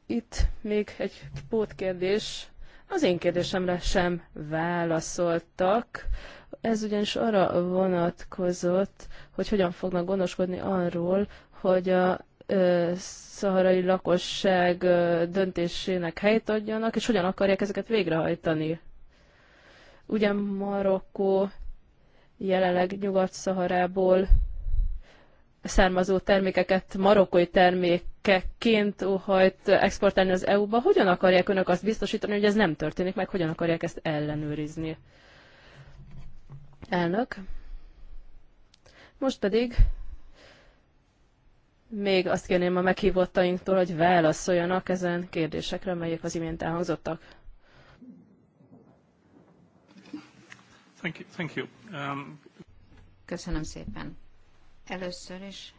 itt még egy pótkérdés. Az én kérdésemre sem válaszoltak. Ez ugyanis arra vonatkozott, hogy hogyan fognak gondoskodni arról, hogy a ö, szaharai lakosság ö, döntésének helyt adjanak, és hogyan akarják ezeket végrehajtani. Ugye Marokkó jelenleg Nyugat-Szaharából származó termékeket marokkói termékekként óhajt exportálni az EU-ba. Hogyan akarják önök azt biztosítani, hogy ez nem történik meg? Hogyan akarják ezt ellenőrizni? Elnök. Most pedig még azt kérném a meghívottainktól, hogy válaszoljanak ezen kérdésekre, melyek az imént elhangzottak. Thank you. Thank you. Um... Köszönöm szépen. Először is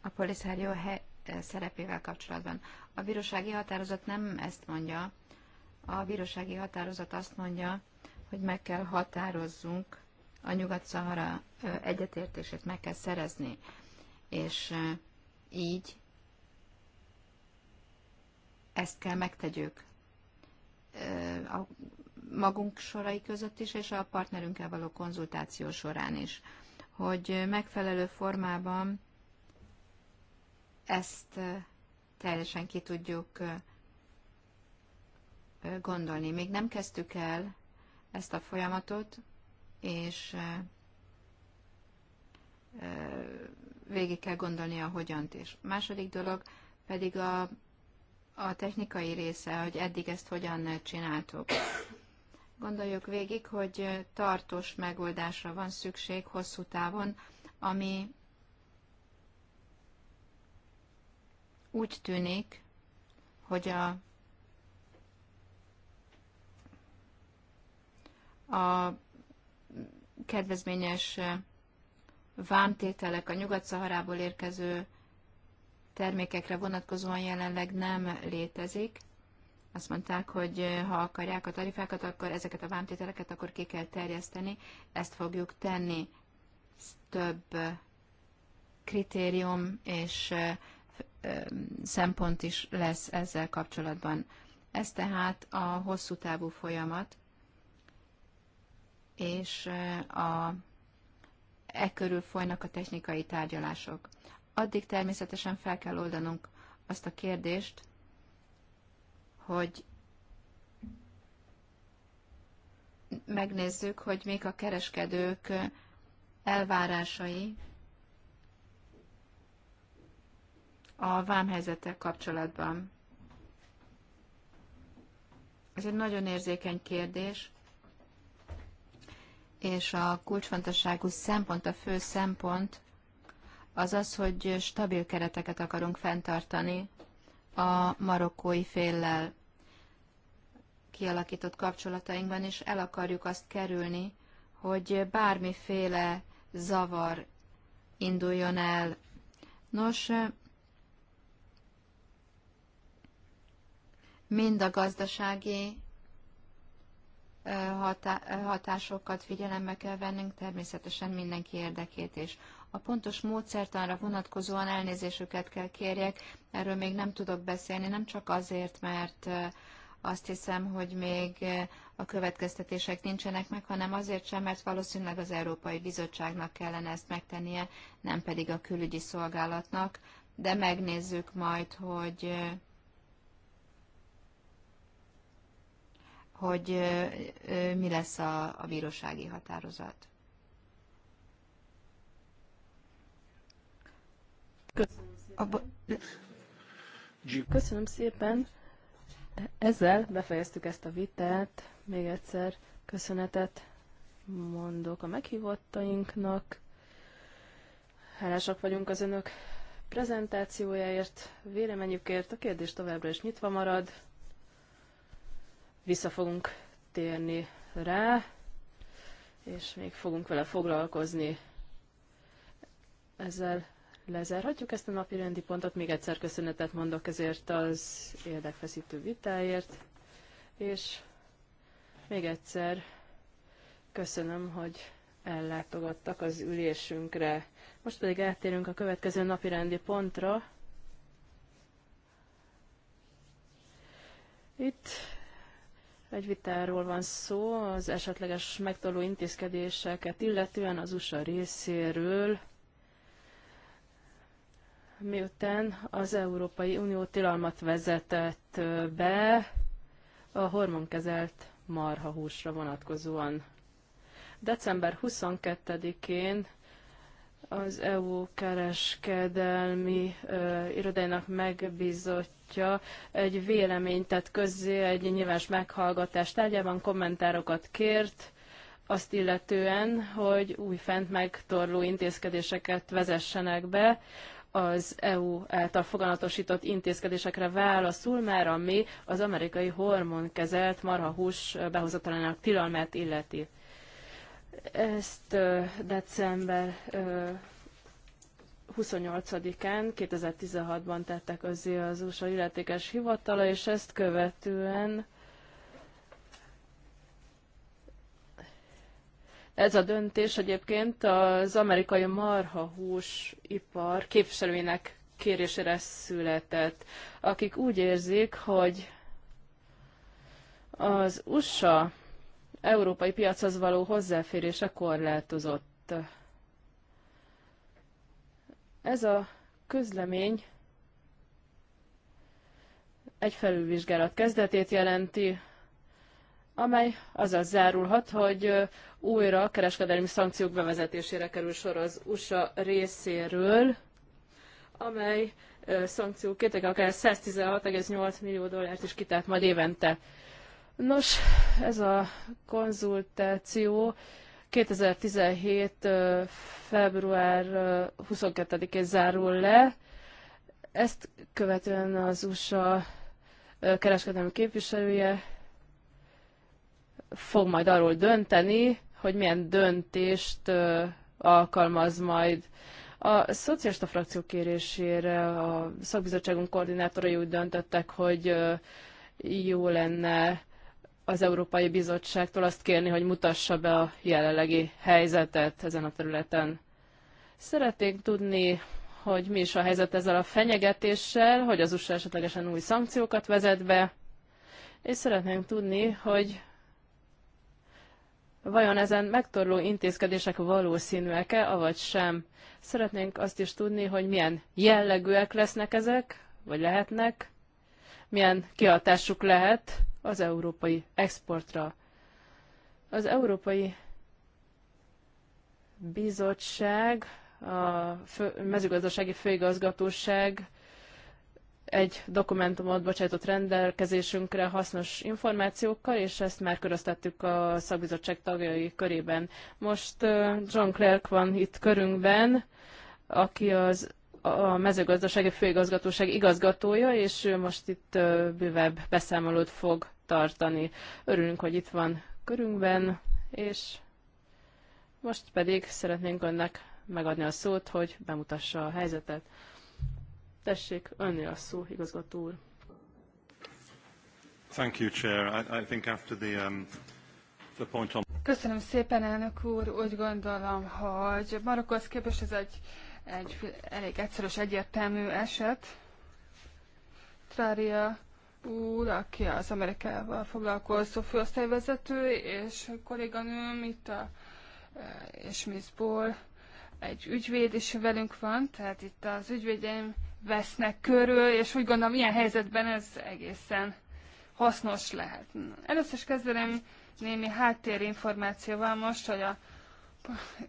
a poliszárió szerepével kapcsolatban. A bírósági határozat nem ezt mondja. A bírósági határozat azt mondja, hogy meg kell határozzunk a Nyugat-Szahara egyetértését, meg kell szerezni. És így ezt kell megtegyük a magunk sorai között is, és a partnerünkkel való konzultáció során is hogy megfelelő formában ezt teljesen ki tudjuk gondolni. Még nem kezdtük el ezt a folyamatot, és végig kell gondolni a hogyant is. Második dolog pedig a, a technikai része, hogy eddig ezt hogyan csináltuk. Gondoljuk végig, hogy tartós megoldásra van szükség hosszú távon, ami úgy tűnik, hogy a, a kedvezményes vámtételek a nyugat-szaharából érkező termékekre vonatkozóan jelenleg nem létezik, azt mondták, hogy ha akarják a tarifákat, akkor ezeket a vámtételeket akkor ki kell terjeszteni. Ezt fogjuk tenni. Több kritérium és szempont is lesz ezzel kapcsolatban. Ez tehát a hosszú távú folyamat, és a, e körül folynak a technikai tárgyalások. Addig természetesen fel kell oldanunk azt a kérdést, hogy megnézzük, hogy még a kereskedők elvárásai a vámhelyzetek kapcsolatban. Ez egy nagyon érzékeny kérdés, és a kulcsfontosságú szempont, a fő szempont az az, hogy stabil kereteket akarunk fenntartani a marokkói féllel kialakított kapcsolatainkban, és el akarjuk azt kerülni, hogy bármiféle zavar induljon el. Nos, mind a gazdasági eh, eh, hatásokat figyelembe kell vennünk, természetesen mindenki érdekét is. A pontos módszertanra vonatkozóan elnézésüket kell kérjek, erről még nem tudok beszélni, nem csak azért, mert eh, azt hiszem, hogy még eh, a következtetések nincsenek meg, hanem azért sem, mert valószínűleg az Európai Bizottságnak kellene ezt megtennie, nem pedig a külügyi szolgálatnak, de megnézzük majd, hogy eh, hogy eh, mi lesz a, a bírósági határozat. Köszönöm szépen. Köszönöm szépen. Ezzel befejeztük ezt a vitát. Még egyszer köszönetet mondok a meghívottainknak. Hálásak vagyunk az önök prezentációjáért, véleményükért. A kérdés továbbra is nyitva marad. Vissza fogunk térni rá, és még fogunk vele foglalkozni. Ezzel lezárhatjuk ezt a napi rendi pontot. Még egyszer köszönetet mondok ezért az érdekfeszítő vitáért, és még egyszer köszönöm, hogy ellátogattak az ülésünkre. Most pedig áttérünk a következő napi rendi pontra. Itt egy vitáról van szó az esetleges megtoló intézkedéseket, illetően az USA részéről miután az Európai Unió tilalmat vezetett be a hormonkezelt marhahúsra vonatkozóan. December 22-én az EU kereskedelmi ö, irodájának megbízottja egy véleményt tett közzé, egy nyilvános meghallgatás tárgyában kommentárokat kért, azt illetően, hogy új fent megtorló intézkedéseket vezessenek be, az EU által foganatosított intézkedésekre válaszul, már ami az amerikai hormonkezelt marhahús behozatalának tilalmát illeti. Ezt december 28-án 2016-ban tettek közzé az USA illetékes hivatala, és ezt követően Ez a döntés egyébként az amerikai marhahús ipar képviselőinek kérésére született, akik úgy érzik, hogy az USA európai piachoz való hozzáférése korlátozott. Ez a közlemény egy felülvizsgálat kezdetét jelenti, amely azzal zárulhat, hogy újra kereskedelmi szankciók bevezetésére kerül sor az USA részéről, amely szankciók akár 116,8 millió dollárt is kitelt majd évente. Nos, ez a konzultáció 2017. február 22-én zárul le. Ezt követően az USA kereskedelmi képviselője fog majd arról dönteni, hogy milyen döntést alkalmaz majd. A szocialista frakció kérésére a szakbizottságunk koordinátorai úgy döntöttek, hogy jó lenne az Európai Bizottságtól azt kérni, hogy mutassa be a jelenlegi helyzetet ezen a területen. Szeretnénk tudni, hogy mi is a helyzet ezzel a fenyegetéssel, hogy az USA esetlegesen új szankciókat vezet be, és szeretnénk tudni, hogy Vajon ezen megtorló intézkedések valószínűek-e, avagy sem? Szeretnénk azt is tudni, hogy milyen jellegűek lesznek ezek, vagy lehetnek, milyen kihatásuk lehet az európai exportra. Az Európai Bizottság, a fő, mezőgazdasági főigazgatóság egy dokumentumot bocsájtott rendelkezésünkre hasznos információkkal, és ezt már köröztettük a szakbizottság tagjai körében. Most John Clark van itt körünkben, aki az a mezőgazdasági főigazgatóság igazgatója, és ő most itt bővebb beszámolót fog tartani. Örülünk, hogy itt van körünkben, és most pedig szeretnénk önnek megadni a szót, hogy bemutassa a helyzetet. Tessék, önné a szó, igazgató úr. Thank you, Chair. I, I think after the, um, the point on... Köszönöm szépen, elnök úr. Úgy gondolom, hogy Marokkóhoz képest ez egy, egy elég egyszerűs, egyértelmű eset. Trária úr, aki az Amerikával foglalkozó főosztályvezető, és kolléganőm itt a, eh, és Miss Ball, egy ügyvéd is velünk van, tehát itt az ügyvédjeim vesznek körül, és úgy gondolom, ilyen helyzetben ez egészen hasznos lehet. Először is kezdeném némi háttérinformációval most, hogy a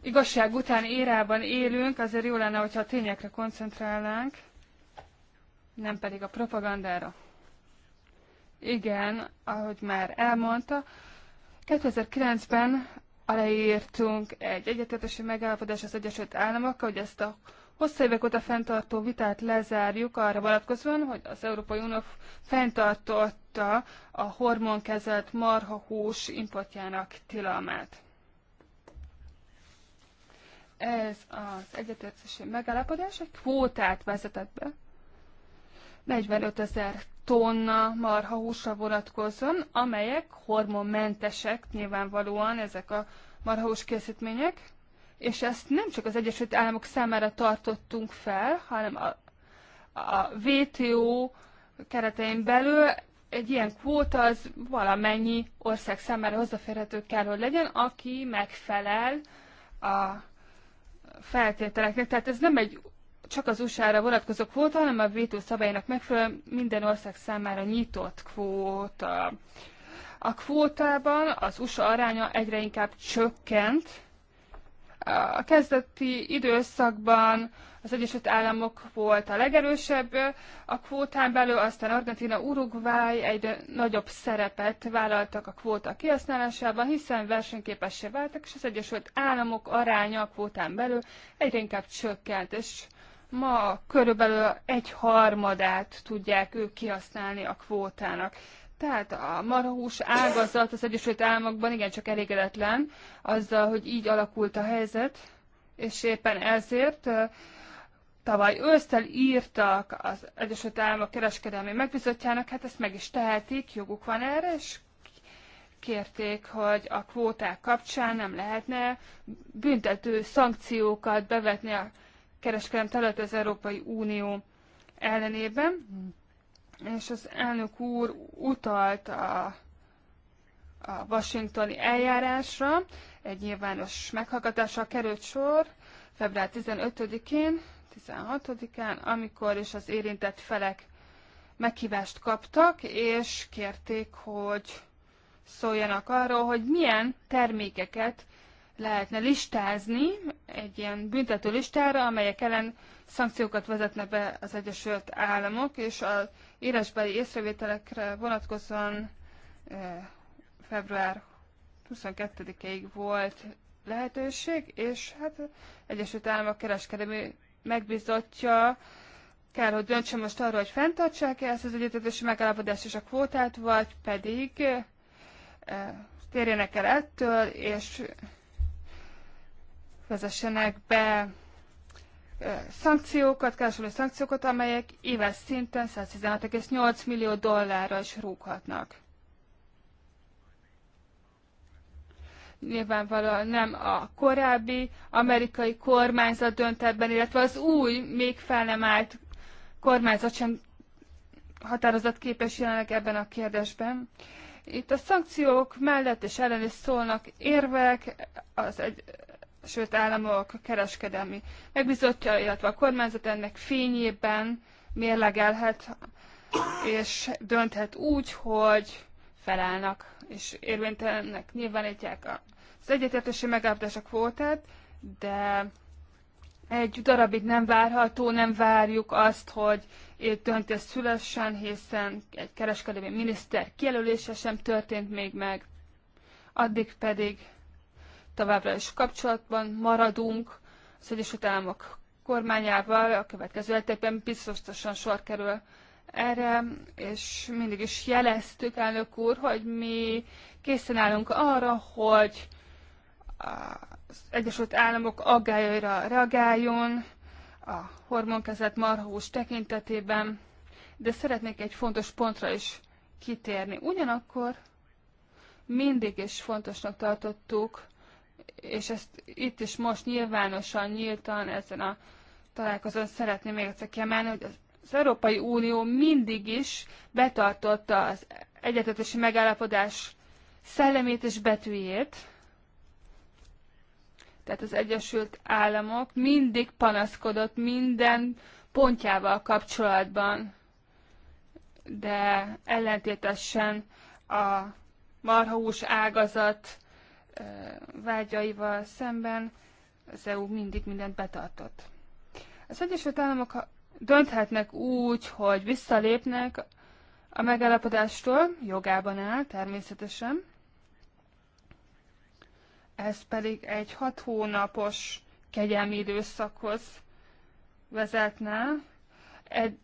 igazság után érában élünk, azért jó lenne, hogyha a tényekre koncentrálnánk, nem pedig a propagandára. Igen, ahogy már elmondta, 2009-ben aláírtunk egy egyetetési megállapodás az Egyesült Államokkal, hogy ezt a hosszú évek óta fenntartó vitát lezárjuk arra vonatkozóan, hogy az Európai Unió fenntartotta a hormonkezelt marhahús importjának tilalmát. Ez az egyetértési megállapodás egy kvótát vezetett be, 45 ezer tonna marhahúsra vonatkozóan, amelyek hormonmentesek nyilvánvalóan ezek a marhahús készítmények, és ezt nem csak az Egyesült Államok számára tartottunk fel, hanem a, a WTO keretein belül egy ilyen kvóta az valamennyi ország számára hozzáférhető kell, hogy legyen, aki megfelel a feltételeknek. Tehát ez nem egy csak az USA-ra vonatkozó kvóta, hanem a WTO szabálynak megfelelően minden ország számára nyitott kvóta. A kvótában az USA aránya egyre inkább csökkent, a kezdeti időszakban az Egyesült Államok volt a legerősebb a kvótán belül, aztán Argentina, Uruguay egy nagyobb szerepet vállaltak a kvóta kihasználásában, hiszen versenyképessé váltak, és az Egyesült Államok aránya a kvótán belül egyre inkább csökkent, és ma körülbelül egy harmadát tudják ők kihasználni a kvótának. Tehát a marhahús ágazat az Egyesült Államokban igencsak elégedetlen azzal, hogy így alakult a helyzet, és éppen ezért tavaly ősztel írtak az Egyesült Államok kereskedelmi megbizottjának, hát ezt meg is tehetik, joguk van erre, és kérték, hogy a kvóták kapcsán nem lehetne büntető szankciókat bevetni a kereskedelem terület az Európai Unió ellenében és az elnök úr utalt a, a washingtoni eljárásra, egy nyilvános meghallgatásra került sor február 15-én, 16-án, amikor is az érintett felek meghívást kaptak, és kérték, hogy szóljanak arról, hogy milyen termékeket lehetne listázni egy ilyen büntető listára, amelyek ellen szankciókat vezetne be az Egyesült Államok, és az írásbeli észrevételekre vonatkozóan eh, február 22-ig volt lehetőség, és hát Egyesült Államok kereskedelmi megbizotja kell, hogy döntse most arról, hogy fenntartsák-e ezt az egyetetési megállapodást és a kvótát, vagy pedig e, térjenek el ettől, és vezessenek be szankciókat, kereskedő szankciókat, amelyek éves szinten 116,8 millió dollárra is rúghatnak. Nyilvánvalóan nem a korábbi amerikai kormányzat dönt ebben, illetve az új, még fel nem állt kormányzat sem határozat képes jelenleg ebben a kérdésben. Itt a szankciók mellett és ellen is szólnak érvek, az egy, sőt Államok kereskedelmi megbizotja, illetve a kormányzat ennek fényében mérlegelhet és dönthet úgy, hogy felállnak és érvénytelennek nyilvánítják az egyetértési megállapodás a kvótát, de egy darabig nem várható, nem várjuk azt, hogy itt döntés szülessen, hiszen egy kereskedelmi miniszter kijelölése sem történt még meg. Addig pedig továbbra is kapcsolatban maradunk az Egyesült Államok kormányával, a következő hetekben biztosan sor kerül erre, és mindig is jeleztük, elnök úr, hogy mi készen állunk arra, hogy az Egyesült Államok aggájaira reagáljon a hormonkezett marhús tekintetében, de szeretnék egy fontos pontra is kitérni. Ugyanakkor mindig is fontosnak tartottuk és ezt itt is most nyilvánosan, nyíltan ezen a találkozón szeretném még egyszer kiemelni, hogy az Európai Unió mindig is betartotta az egyetetési megállapodás szellemét és betűjét, tehát az Egyesült Államok mindig panaszkodott minden pontjával kapcsolatban, de ellentétesen a marhahús ágazat vágyaival szemben az EU mindig mindent betartott. Az Egyesült Államok dönthetnek úgy, hogy visszalépnek a megállapodástól, jogában áll természetesen, ez pedig egy hat hónapos kegyelmi időszakhoz vezetne,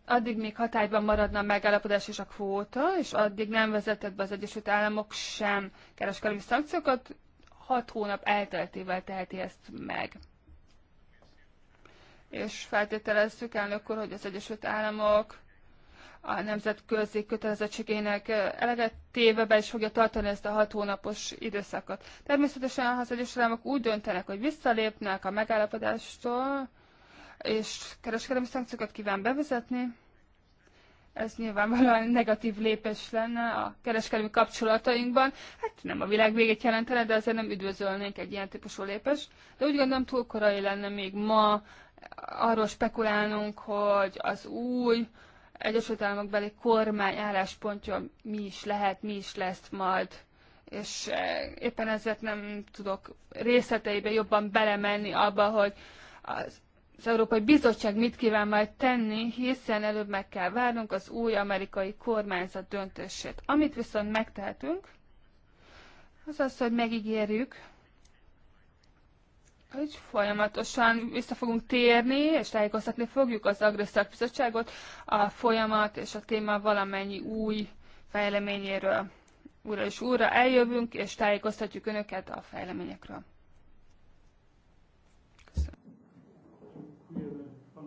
addig még hatályban maradna a megállapodás és a kvóta, és addig nem vezetett be az Egyesült Államok sem kereskedelmi szankciókat, 6 hónap elteltével teheti ezt meg. És feltételezzük elnök úr, hogy az Egyesült Államok a nemzetközi kötelezettségének eleget téve be is fogja tartani ezt a 6 hónapos időszakot. Természetesen, ha az Egyesült Államok úgy döntenek, hogy visszalépnek a megállapodástól, és kereskedelmi szankciókat kíván bevezetni, ez nyilvánvalóan negatív lépés lenne a kereskedelmi kapcsolatainkban. Hát nem a világ végét jelentene, de azért nem üdvözölnénk egy ilyen típusú lépést. De úgy gondolom túl korai lenne még ma arról spekulálnunk, hogy az új Egyesült Államok beli kormány álláspontja mi is lehet, mi is lesz majd és eh, éppen ezért nem tudok részleteibe jobban belemenni abba, hogy az az Európai Bizottság mit kíván majd tenni, hiszen előbb meg kell várnunk az új amerikai kormányzat döntését. Amit viszont megtehetünk, az az, hogy megígérjük, hogy folyamatosan vissza fogunk térni, és tájékoztatni fogjuk az Agresszak Bizottságot a folyamat és a téma valamennyi új fejleményéről. Újra és újra eljövünk, és tájékoztatjuk Önöket a fejleményekről.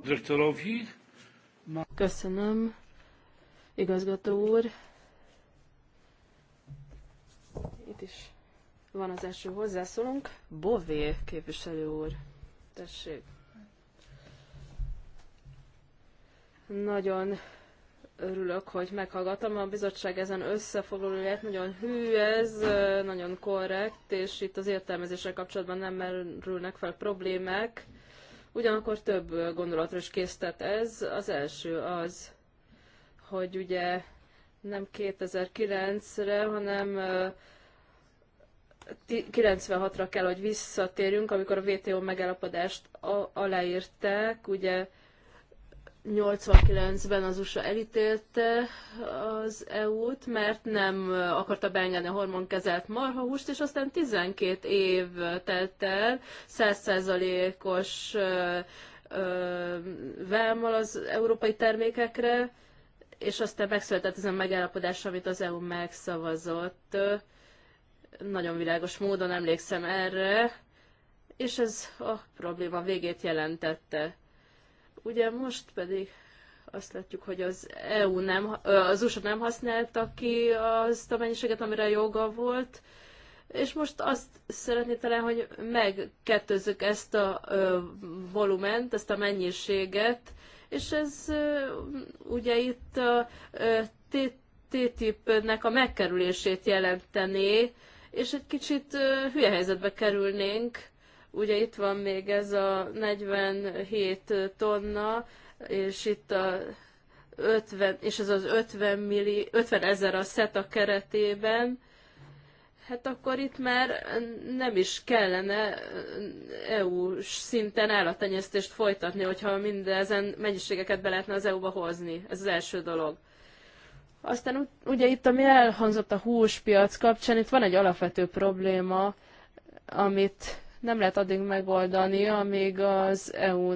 dyrektorowi. Köszönöm, igazgató úr. Itt is van az első hozzászólunk. Bové képviselő úr. Tessék. Nagyon örülök, hogy meghallgattam. A bizottság ezen összefoglalóját nagyon hű ez, nagyon korrekt, és itt az értelmezéssel kapcsolatban nem merülnek fel problémák. Ugyanakkor több gondolatra is késztet ez. Az első az, hogy ugye nem 2009-re, hanem 96-ra kell, hogy visszatérjünk, amikor a WTO megállapodást aláírták, ugye 89-ben az USA elítélte az EU-t, mert nem akarta beengedni a hormonkezelt marhahúst, és aztán 12 év telt el, 100%-os vámmal az európai termékekre, és aztán megszületett ez a megállapodás, amit az EU megszavazott. Nagyon világos módon emlékszem erre, és ez a probléma végét jelentette. Ugye most pedig azt látjuk, hogy az EU nem, az USA nem használta ki azt a mennyiséget, amire joga volt, és most azt szeretné talán, hogy megkettőzzük ezt a volument, ezt a mennyiséget, és ez ugye itt a TTIP-nek a megkerülését jelentené, és egy kicsit hülye helyzetbe kerülnénk, Ugye itt van még ez a 47 tonna, és itt a 50, és ez az 50, milli, 50 ezer a SETA keretében, hát akkor itt már nem is kellene EU-s szinten állattenyésztést folytatni, hogyha mindezen mennyiségeket be lehetne az EU-ba hozni. Ez az első dolog. Aztán ugye itt, ami elhangzott a húspiac kapcsán, itt van egy alapvető probléma, amit nem lehet addig megoldani, amíg az EU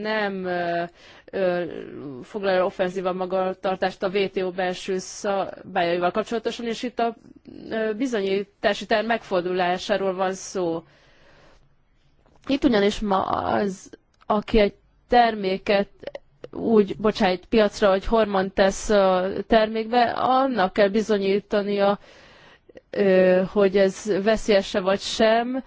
nem foglalja offenzívan magatartást a WTO belső szabályaival kapcsolatosan, és itt a bizonyítási terv megfordulásáról van szó. Itt ugyanis ma az, aki egy terméket úgy bocsájt piacra, hogy hormon tesz a termékbe, annak kell bizonyítania, hogy ez veszélyese vagy sem,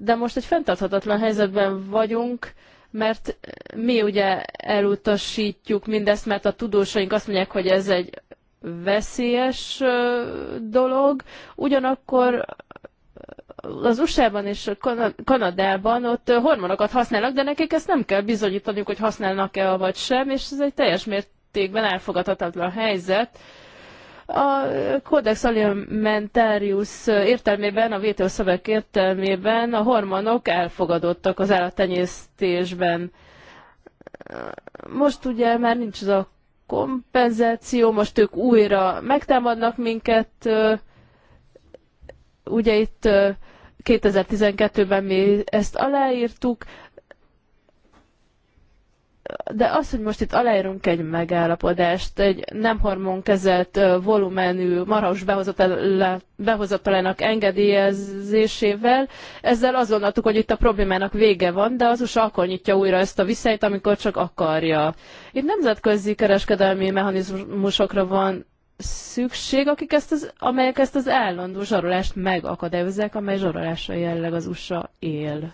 de most egy fenntarthatatlan helyzetben vagyunk, mert mi ugye elutasítjuk mindezt, mert a tudósaink azt mondják, hogy ez egy veszélyes dolog, ugyanakkor az USA-ban és Kanadában ott hormonokat használnak, de nekik ezt nem kell bizonyítaniuk, hogy használnak-e, vagy sem, és ez egy teljes mértékben elfogadhatatlan helyzet. A Codex Alimentarius értelmében, a WTO szöveg értelmében a hormonok elfogadottak az állattenyésztésben. Most ugye már nincs az a kompenzáció, most ők újra megtámadnak minket. Ugye itt 2012-ben mi ezt aláírtuk, de az, hogy most itt aláírunk egy megállapodást, egy nem hormonkezelt volumenű marhaus behozatalának engedélyezésével, ezzel azt hogy itt a problémának vége van, de az USA akkor nyitja újra ezt a viszelyt, amikor csak akarja. Itt nemzetközi kereskedelmi mechanizmusokra van szükség, akik ezt az, amelyek ezt az állandó zsarolást megakadályozzák, amely zsarolásra jelenleg az USA él.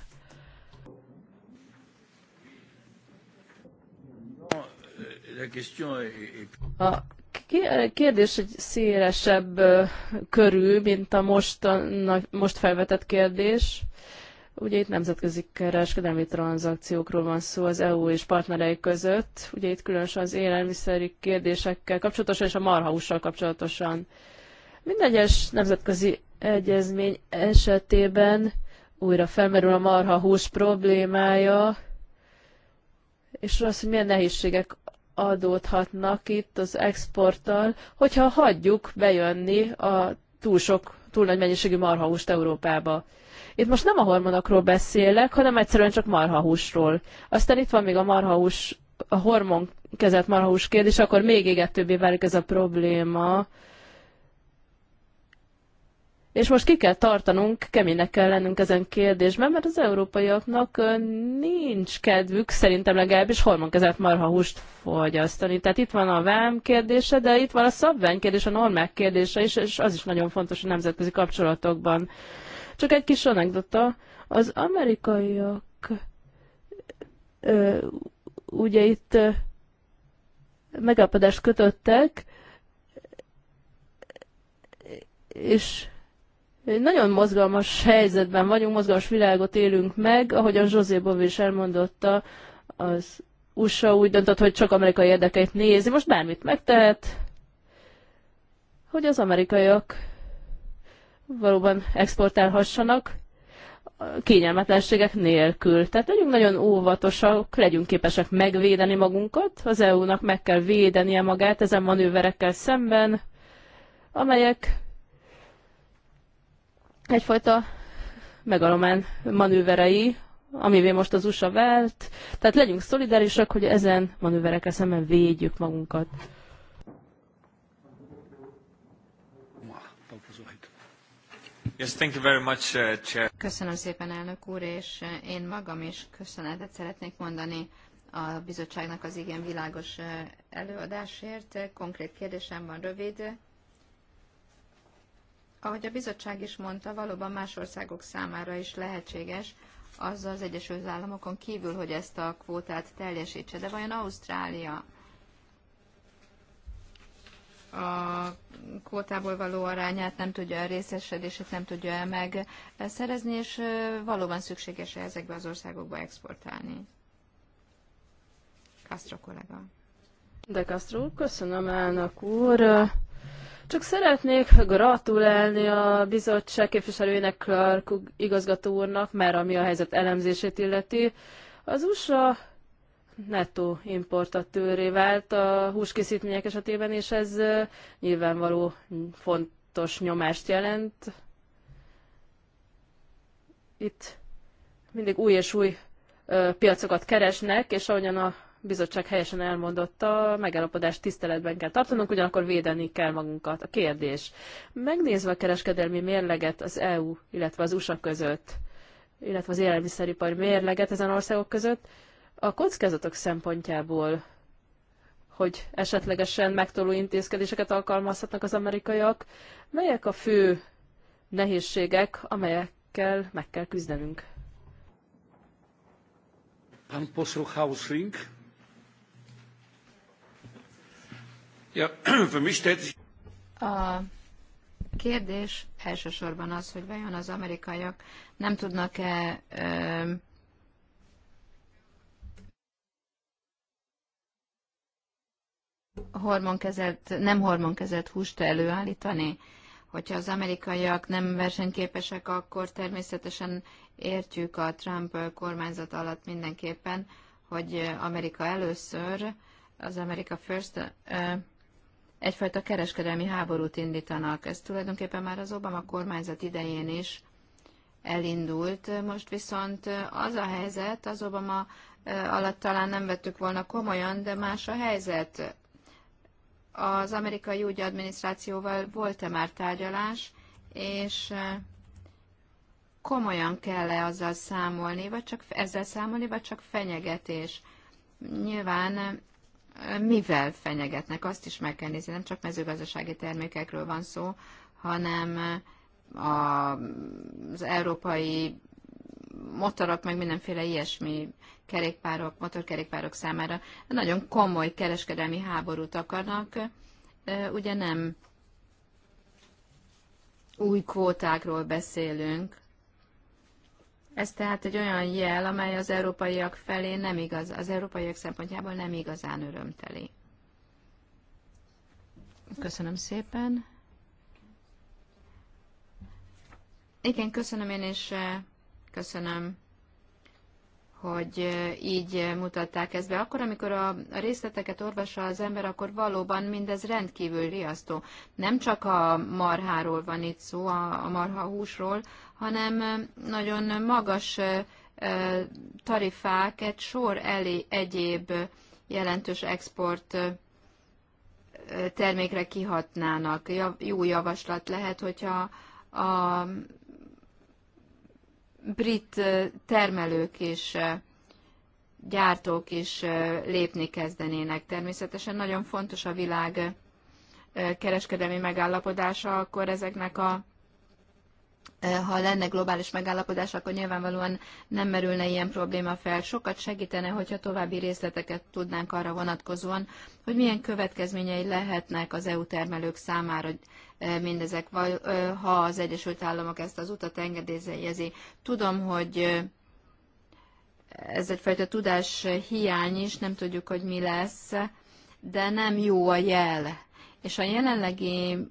A kérdés egy szélesebb körül, mint a most, most felvetett kérdés. Ugye itt nemzetközi kereskedelmi tranzakciókról van szó az EU és partnerei között. Ugye itt különösen az élelmiszeri kérdésekkel kapcsolatosan és a marhaussal kapcsolatosan. Minden egyes nemzetközi egyezmény esetében újra felmerül a marhahús problémája, és az, hogy milyen nehézségek adódhatnak itt az exporttal, hogyha hagyjuk bejönni a túl sok, túl nagy mennyiségű marhahúst Európába. Itt most nem a hormonokról beszélek, hanem egyszerűen csak marhahúsról. Aztán itt van még a marhahús, a hormon kezelt marhahús kérdés, akkor még égetőbbé válik ez a probléma, és most ki kell tartanunk, keménynek kell lennünk ezen kérdésben, mert az európaiaknak nincs kedvük, szerintem legalábbis hormonkezelt húst fogyasztani. Tehát itt van a vám kérdése, de itt van a szabvány kérdése, a normák kérdése is, és az is nagyon fontos a nemzetközi kapcsolatokban. Csak egy kis anekdota. Az amerikaiak ö, ugye itt megállapodást kötöttek, és nagyon mozgalmas helyzetben vagyunk, mozgalmas világot élünk meg, ahogyan José Bov is elmondotta, az USA úgy döntött, hogy csak amerikai érdekeit nézi, most bármit megtehet, hogy az amerikaiak valóban exportálhassanak kényelmetlenségek nélkül. Tehát legyünk nagyon óvatosak, legyünk képesek megvédeni magunkat, az EU-nak meg kell védenie magát ezen manőverekkel szemben, amelyek egyfajta megalomán manőverei, amivé most az USA vált. Tehát legyünk szolidárisak, hogy ezen manőverekkel szemben védjük magunkat. Uh, Köszönöm szépen, elnök úr, és uh, én magam is köszönetet szeretnék mondani a bizottságnak az igen világos uh, előadásért. Konkrét kérdésem van rövid. Ahogy a bizottság is mondta, valóban más országok számára is lehetséges az az Egyesült Államokon kívül, hogy ezt a kvótát teljesítse. De vajon Ausztrália a kvótából való arányát nem tudja, a részesedését nem tudja el meg szerezni, és valóban szükséges -e ezekbe az országokba exportálni? Castro kollega. De Castro, köszönöm elnök úr. Csak szeretnék gratulálni a bizottság képviselőjének Clark igazgató úrnak, mert ami a helyzet elemzését illeti, az USA nettó importatőré vált a húskészítmények esetében, és ez nyilvánvaló fontos nyomást jelent. Itt mindig új és új piacokat keresnek, és ahogyan a bizottság helyesen elmondotta, megállapodást tiszteletben kell tartanunk, ugyanakkor védeni kell magunkat. A kérdés, megnézve a kereskedelmi mérleget az EU, illetve az USA között, illetve az élelmiszeripari mérleget ezen országok között, a kockázatok szempontjából, hogy esetlegesen megtoló intézkedéseket alkalmazhatnak az amerikaiak, melyek a fő nehézségek, amelyekkel meg kell küzdenünk? Pan poseł Hausling. A kérdés elsősorban az, hogy vajon az amerikaiak nem tudnak-e hormonkezelt, nem hormonkezelt húst előállítani. Hogyha az amerikaiak nem versenyképesek, akkor természetesen értjük a Trump kormányzat alatt mindenképpen, hogy Amerika először, az Amerika First egyfajta kereskedelmi háborút indítanak. Ez tulajdonképpen már az Obama kormányzat idején is elindult. Most viszont az a helyzet, az Obama alatt talán nem vettük volna komolyan, de más a helyzet. Az amerikai úgy adminisztrációval volt-e már tárgyalás, és komolyan kell-e azzal számolni, vagy csak ezzel számolni, vagy csak fenyegetés. Nyilván mivel fenyegetnek, azt is meg kell nézni, nem csak mezőgazdasági termékekről van szó, hanem a, az európai motorok, meg mindenféle ilyesmi kerékpárok, motorkerékpárok számára nagyon komoly kereskedelmi háborút akarnak, ugye nem új kvótákról beszélünk, ez tehát egy olyan jel, amely az európaiak felé nem igaz, az európaiak szempontjából nem igazán örömteli. Köszönöm szépen. Igen, köszönöm én is, eh, köszönöm, hogy eh, így mutatták ezt be. Akkor, amikor a részleteket olvassa az ember, akkor valóban mindez rendkívül riasztó. Nem csak a marháról van itt szó, a marha húsról, hanem nagyon magas tarifák egy sor elé egyéb jelentős export termékre kihatnának. Jó javaslat lehet, hogyha a brit termelők és gyártók is lépni kezdenének. Természetesen nagyon fontos a világ kereskedelmi megállapodása, akkor ezeknek a ha lenne globális megállapodás, akkor nyilvánvalóan nem merülne ilyen probléma fel. Sokat segítene, hogyha további részleteket tudnánk arra vonatkozóan, hogy milyen következményei lehetnek az EU termelők számára mindezek, vagy ha az Egyesült Államok ezt az utat engedélyezi. Tudom, hogy ez egyfajta tudás hiány is, nem tudjuk, hogy mi lesz, de nem jó a jel. És a jelenlegi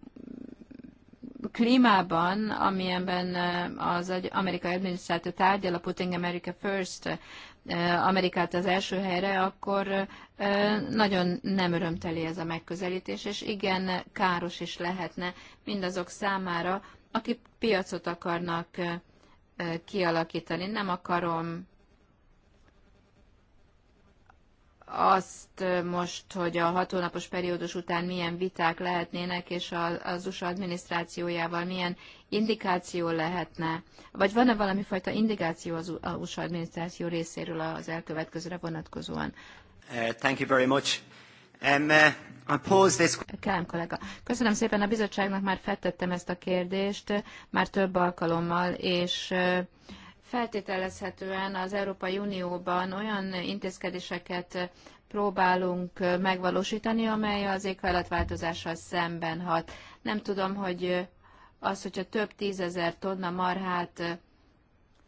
klímában, amilyenben eh, az amerikai adminisztrátor tárgyal a Putting America First eh, Amerikát az első helyre, akkor eh, nagyon nem örömteli ez a megközelítés, és igen, káros is lehetne mindazok számára, akik piacot akarnak kialakítani. Nem akarom azt most, hogy a hat hónapos periódus után milyen viták lehetnének, és az USA adminisztrációjával milyen indikáció lehetne, vagy van-e valami fajta indikáció az USA adminisztráció részéről az elkövetkezőre vonatkozóan? Uh, thank you very much. Um, uh, I pause this... Kérem, kollega. Köszönöm szépen, a bizottságnak már feltettem ezt a kérdést, már több alkalommal, és uh, feltételezhetően az Európai Unióban olyan intézkedéseket próbálunk megvalósítani, amely az éghajlatváltozással szemben hat. Nem tudom, hogy az, hogyha több tízezer tonna marhát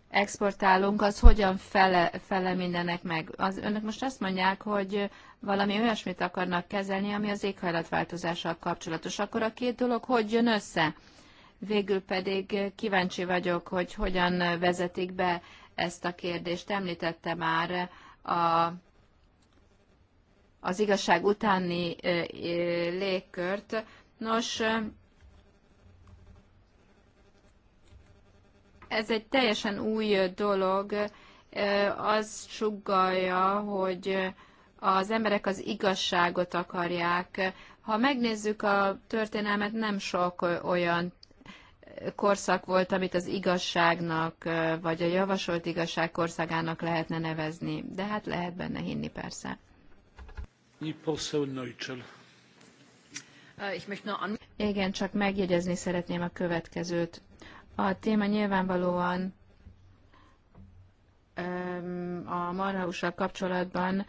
exportálunk, az hogyan fele, fele mindenek meg. Az, önök most azt mondják, hogy valami olyasmit akarnak kezelni, ami az éghajlatváltozással kapcsolatos. Akkor a két dolog hogy jön össze? Végül pedig kíváncsi vagyok, hogy hogyan vezetik be ezt a kérdést. Említette már a, az igazság utáni légkört. Nos, ez egy teljesen új dolog, az sugalja, hogy az emberek az igazságot akarják. Ha megnézzük a történelmet, nem sok olyan korszak volt, amit az igazságnak, vagy a javasolt igazság korszakának lehetne nevezni, de hát lehet benne hinni persze. Igen, csak megjegyezni szeretném a következőt. A téma nyilvánvalóan a marhaussal kapcsolatban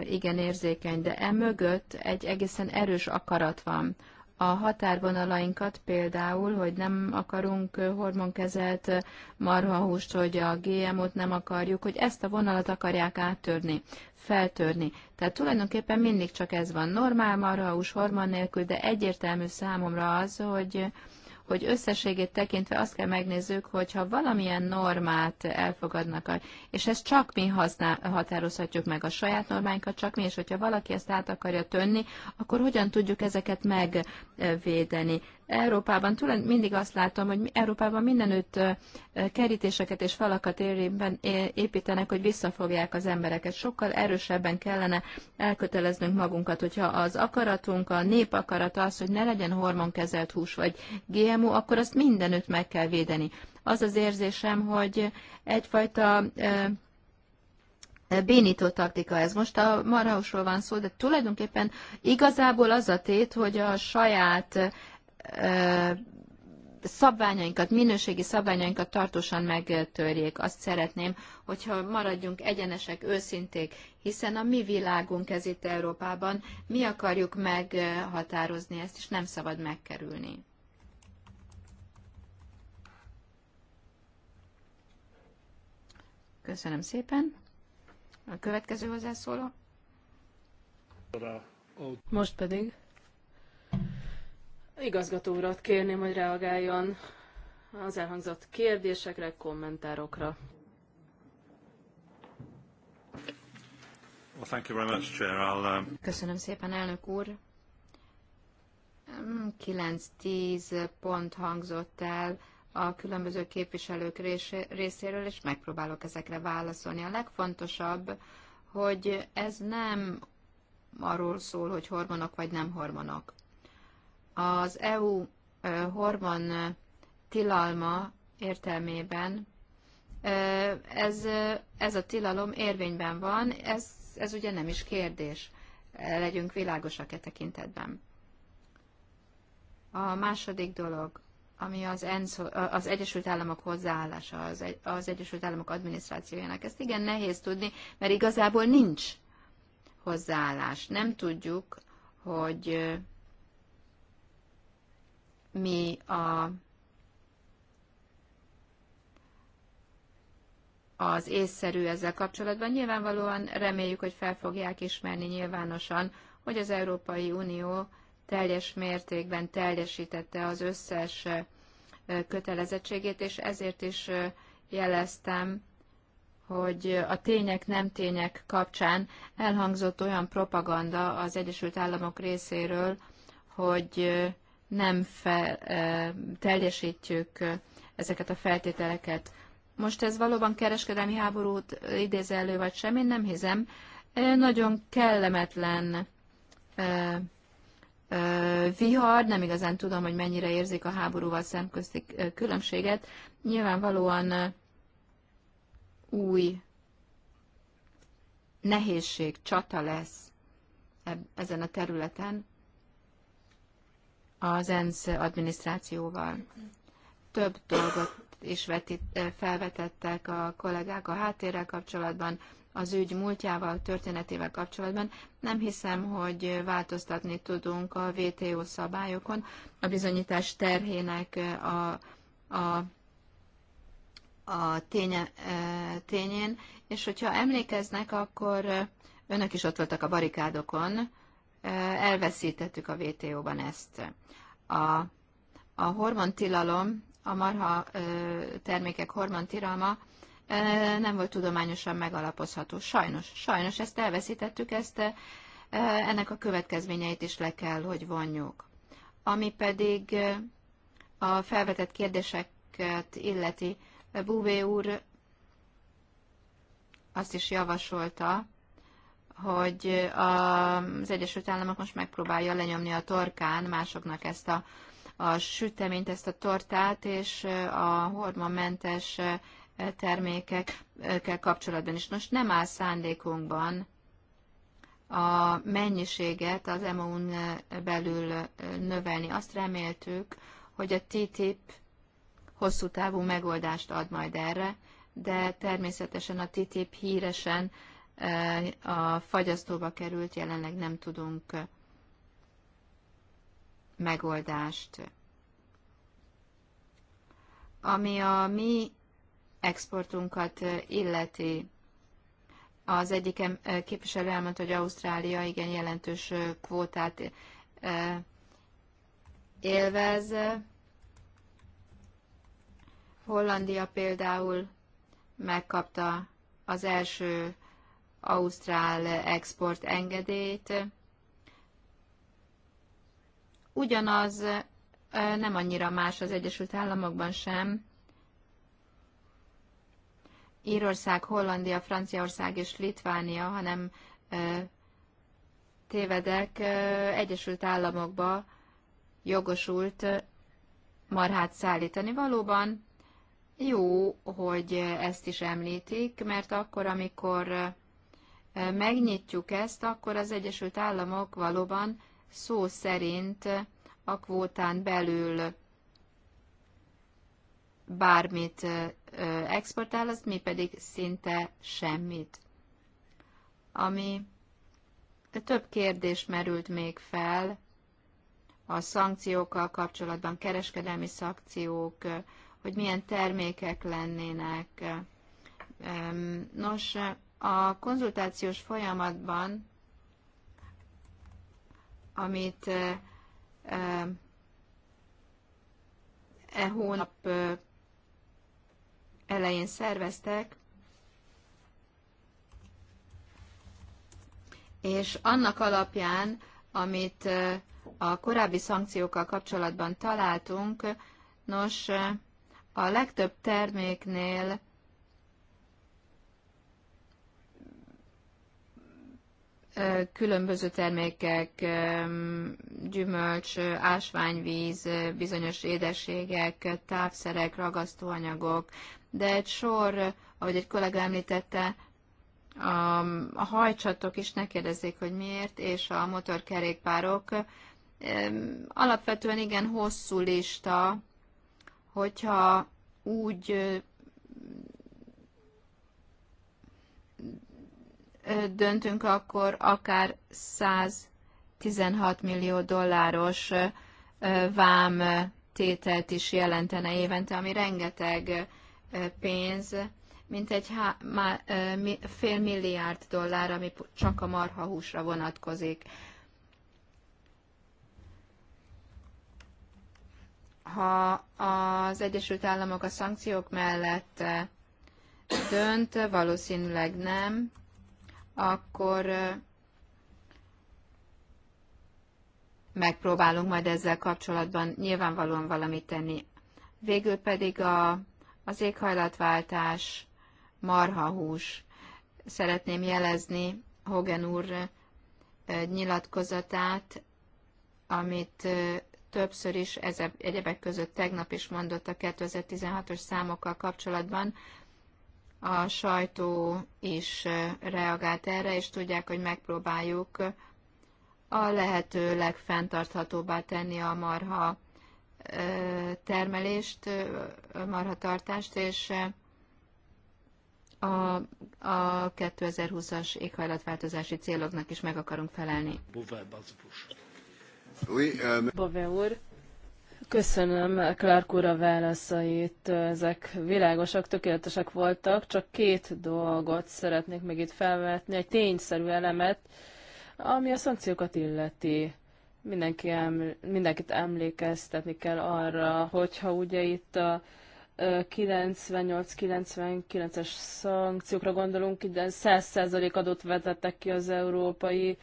igen érzékeny, de emögött egy egészen erős akarat van a határvonalainkat például, hogy nem akarunk hormonkezelt marhahúst, hogy a GMO-t nem akarjuk, hogy ezt a vonalat akarják áttörni, feltörni. Tehát tulajdonképpen mindig csak ez van. Normál marhahús hormon nélkül, de egyértelmű számomra az, hogy hogy összességét tekintve azt kell megnézzük, hogyha valamilyen normát elfogadnak, és ezt csak mi használ, határozhatjuk meg, a saját normáinkat csak mi, és hogyha valaki ezt át akarja tönni, akkor hogyan tudjuk ezeket megvédeni. Európában tulajdon, mindig azt látom, hogy Európában mindenütt kerítéseket és falakat érében építenek, hogy visszafogják az embereket. Sokkal erősebben kellene elköteleznünk magunkat, hogyha az akaratunk, a nép akarata az, hogy ne legyen hormonkezelt hús vagy GMO, akkor azt mindenütt meg kell védeni. Az az érzésem, hogy egyfajta bénító taktika ez. Most a marhausról van szó, de tulajdonképpen igazából az a tét, hogy a saját szabványainkat, minőségi szabványainkat tartósan megtörjék. Azt szeretném, hogyha maradjunk egyenesek, őszinték, hiszen a mi világunk ez itt Európában, mi akarjuk meghatározni ezt, és nem szabad megkerülni. Köszönöm szépen. A következő hozzászóló. Most pedig igazgató urat kérném, hogy reagáljon az elhangzott kérdésekre, kommentárokra. Um, Köszönöm szépen, elnök úr. 9-10 pont hangzott el a különböző képviselők részéről, és megpróbálok ezekre válaszolni. A legfontosabb, hogy ez nem arról szól, hogy hormonok vagy nem hormonok. Az EU hormon tilalma értelmében ez, ez a tilalom érvényben van, ez, ez ugye nem is kérdés. Legyünk világosak e tekintetben. A második dolog, ami az, ENSZ, az Egyesült Államok hozzáállása, az, egy, az Egyesült Államok adminisztrációjának, ezt igen nehéz tudni, mert igazából nincs hozzáállás. Nem tudjuk, hogy mi a az észszerű ezzel kapcsolatban. Nyilvánvalóan reméljük, hogy fel fogják ismerni nyilvánosan, hogy az Európai Unió teljes mértékben teljesítette az összes kötelezettségét, és ezért is jeleztem, hogy a tények nem tények kapcsán elhangzott olyan propaganda az Egyesült Államok részéről, hogy nem fel, teljesítjük ezeket a feltételeket. Most ez valóban kereskedelmi háborút idéz elő, vagy sem, én nem hiszem. Nagyon kellemetlen vihar, nem igazán tudom, hogy mennyire érzik a háborúval szemközti különbséget. Nyilvánvalóan új nehézség, csata lesz ezen a területen, az ENSZ adminisztrációval. Több dolgot is vetít, eh, felvetettek a kollégák a háttérrel kapcsolatban, az ügy múltjával, történetével kapcsolatban. Nem hiszem, hogy változtatni tudunk a VTO szabályokon, a bizonyítás terhének eh, a, a, a ténye, eh, tényén, és hogyha emlékeznek, akkor önök is ott voltak a barikádokon, elveszítettük a vto ban ezt. A, a hormontilalom, a marha termékek hormontilalma nem volt tudományosan megalapozható. Sajnos, sajnos ezt elveszítettük, ezt ennek a következményeit is le kell, hogy vonjuk. Ami pedig a felvetett kérdéseket illeti, Búvé úr azt is javasolta, hogy az Egyesült Államok most megpróbálja lenyomni a torkán másoknak ezt a, a süteményt, ezt a tortát, és a hormonmentes termékekkel kapcsolatban is. Most nem áll szándékunkban a mennyiséget az EMU-n belül növelni. Azt reméltük, hogy a TTIP hosszú távú megoldást ad majd erre, de természetesen a TTIP híresen a fagyasztóba került, jelenleg nem tudunk megoldást. Ami a mi exportunkat illeti, az egyik képviselő elmondta, hogy Ausztrália igen jelentős kvótát élvez. Hollandia például megkapta az első Ausztrál export engedélyt. Ugyanaz nem annyira más az Egyesült Államokban sem. Írország, Hollandia, Franciaország és Litvánia, hanem tévedek, Egyesült Államokba jogosult marhát szállítani. Valóban jó, hogy ezt is említik, mert akkor, amikor megnyitjuk ezt, akkor az Egyesült Államok valóban szó szerint a kvótán belül bármit exportál, azt mi pedig szinte semmit. Ami több kérdés merült még fel a szankciókkal kapcsolatban, kereskedelmi szankciók, hogy milyen termékek lennének. Nos, a konzultációs folyamatban, amit e, e, e hónap elején szerveztek, és annak alapján, amit a korábbi szankciókkal kapcsolatban találtunk, nos, a legtöbb terméknél különböző termékek, gyümölcs, ásványvíz, bizonyos édeségek, távszerek, ragasztóanyagok, de egy sor, ahogy egy kollega említette, a, a hajcsatok is ne kérdezzék, hogy miért, és a motorkerékpárok. Alapvetően igen hosszú lista, hogyha úgy döntünk, akkor akár 116 millió dolláros vám tételt is jelentene évente, ami rengeteg pénz, mint egy fél milliárd dollár, ami csak a marhahúsra vonatkozik. Ha az Egyesült Államok a szankciók mellett dönt, valószínűleg nem, akkor megpróbálunk majd ezzel kapcsolatban nyilvánvalóan valamit tenni. Végül pedig a, az éghajlatváltás, marhahús. Szeretném jelezni Hogan úr nyilatkozatát, amit többször is, ezek, egyebek között tegnap is mondott a 2016-os számokkal kapcsolatban, a sajtó is eh, reagált erre, és tudják, hogy megpróbáljuk a lehető legfenntarthatóbbá tenni a marha eh, termelést, eh, marha tartást, és a, a 2020-as éghajlatváltozási céloknak is meg akarunk felelni. Bové euh, úr, Köszönöm Clark úr a válaszait, ezek világosak, tökéletesek voltak, csak két dolgot szeretnék még itt felvetni, egy tényszerű elemet, ami a szankciókat illeti. Mindenki eml- mindenkit emlékeztetni kell arra, hogyha ugye itt a 98-99-es szankciókra gondolunk, de 100% adót vetettek ki az európai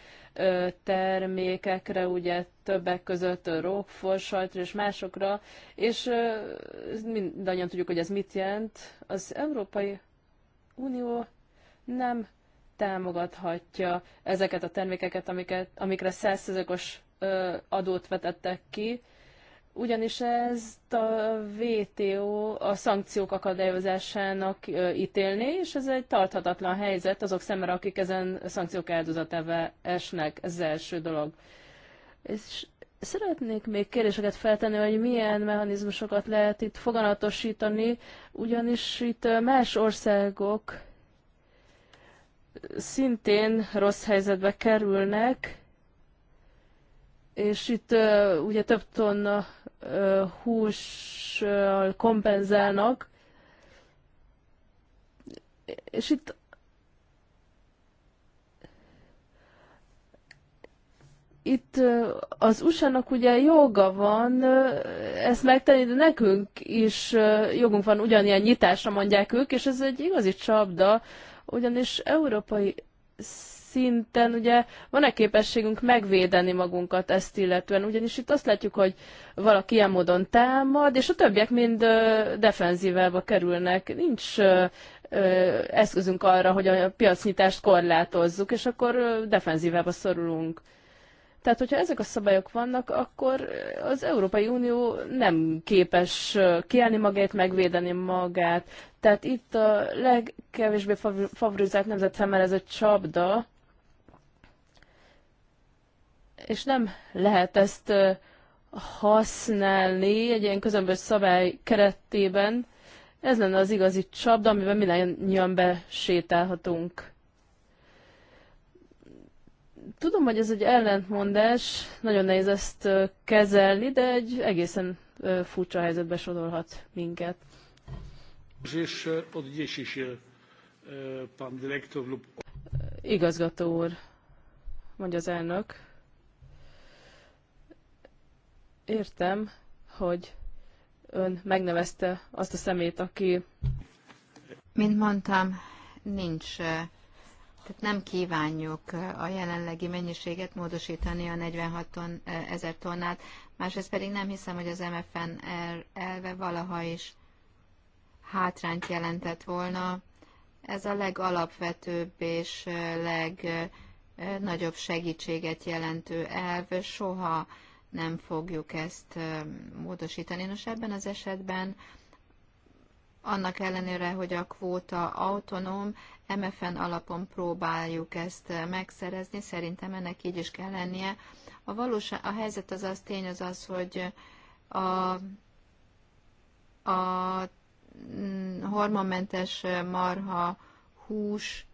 termékekre, ugye többek között rockfor, sajtra és másokra, és mindannyian tudjuk, hogy ez mit jelent. Az Európai Unió nem támogathatja ezeket a termékeket, amiket, amikre 100%-os adót vetettek ki, ugyanis ez a VTO a szankciók akadályozásának ítélné, és ez egy tarthatatlan helyzet azok szemre, akik ezen szankciók áldozatává esnek. Ez az első dolog. És szeretnék még kérdéseket feltenni, hogy milyen mechanizmusokat lehet itt foganatosítani, ugyanis itt más országok szintén rossz helyzetbe kerülnek, és itt uh, ugye több tonna uh, hús uh, kompenzálnak, és itt itt az USA-nak ugye joga van ezt megtenni, de nekünk is jogunk van ugyanilyen nyitásra mondják ők, és ez egy igazi csapda, ugyanis európai szinten ugye van-e képességünk megvédeni magunkat ezt illetően, ugyanis itt azt látjuk, hogy valaki ilyen módon támad, és a többiek mind ö, defenzívába kerülnek. Nincs ö, ö, eszközünk arra, hogy a piacnyitást korlátozzuk, és akkor defenzívába szorulunk. Tehát, hogyha ezek a szabályok vannak, akkor az Európai Unió nem képes kiállni magát, megvédeni magát. Tehát itt a legkevésbé favorizált nemzet számára ez a csapda, és nem lehet ezt használni egy ilyen közömbös szabály keretében. Ez lenne az igazi csapda, amiben mindannyian besétálhatunk. Tudom, hogy ez egy ellentmondás, nagyon nehéz ezt kezelni, de egy egészen furcsa helyzetbe sodorhat minket. Igazgató úr, mondja az elnök. Értem, hogy ön megnevezte azt a szemét, aki... Mint mondtam, nincs eh, tehát nem kívánjuk eh, a jelenlegi mennyiséget módosítani a 46 ton, eh, ezer tonnát, másrészt pedig nem hiszem, hogy az MFN elve valaha is hátrányt jelentett volna. Ez a legalapvetőbb és legnagyobb segítséget jelentő elv soha nem fogjuk ezt módosítani. Nos, ebben az esetben annak ellenére, hogy a kvóta autonóm, MFN alapon próbáljuk ezt megszerezni, szerintem ennek így is kell lennie. A, valós a helyzet az az tény az az, hogy a, a mm, hormonmentes marha hús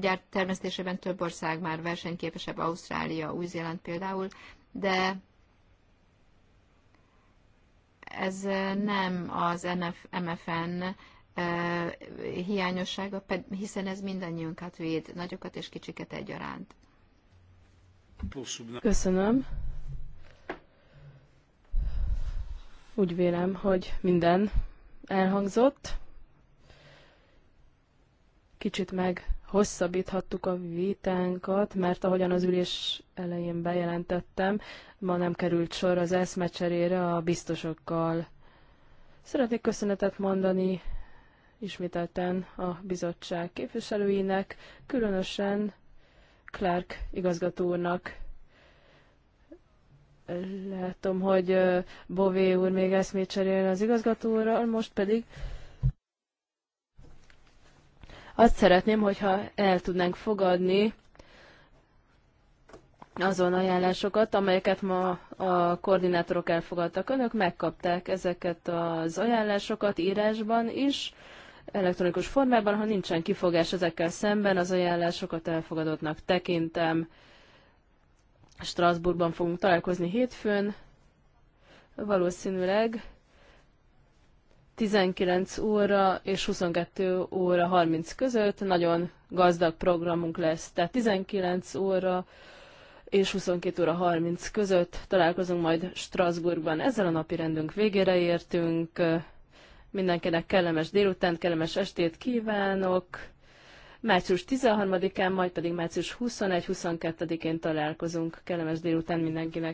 gyárt termesztésében több ország már versenyképesebb, Ausztrália, Új-Zéland például, de ez nem az NF, MFN hiányossága, hiszen ez mindannyiunkat véd, nagyokat és kicsiket egyaránt. Köszönöm. Úgy vélem, hogy minden elhangzott. Kicsit meg hosszabbíthattuk a vitánkat, mert ahogyan az ülés elején bejelentettem, ma nem került sor az eszmecserére a biztosokkal. Szeretnék köszönetet mondani ismételten a bizottság képviselőinek, különösen Clark igazgatónak. Látom, hogy Bové úr még eszmét cserél az igazgatóra, most pedig azt szeretném, hogyha el tudnánk fogadni azon ajánlásokat, amelyeket ma a koordinátorok elfogadtak. Önök megkapták ezeket az ajánlásokat írásban is, elektronikus formában, ha nincsen kifogás ezekkel szemben, az ajánlásokat elfogadottnak tekintem. Strasbourgban fogunk találkozni hétfőn, valószínűleg 19 óra és 22 óra 30 között nagyon gazdag programunk lesz. Tehát 19 óra és 22 óra 30 között találkozunk majd Strasbourgban. Ezzel a napi rendünk végére értünk. Mindenkinek kellemes délután, kellemes estét kívánok. Március 13-án, majd pedig március 21-22-én találkozunk. Kellemes délután mindenkinek.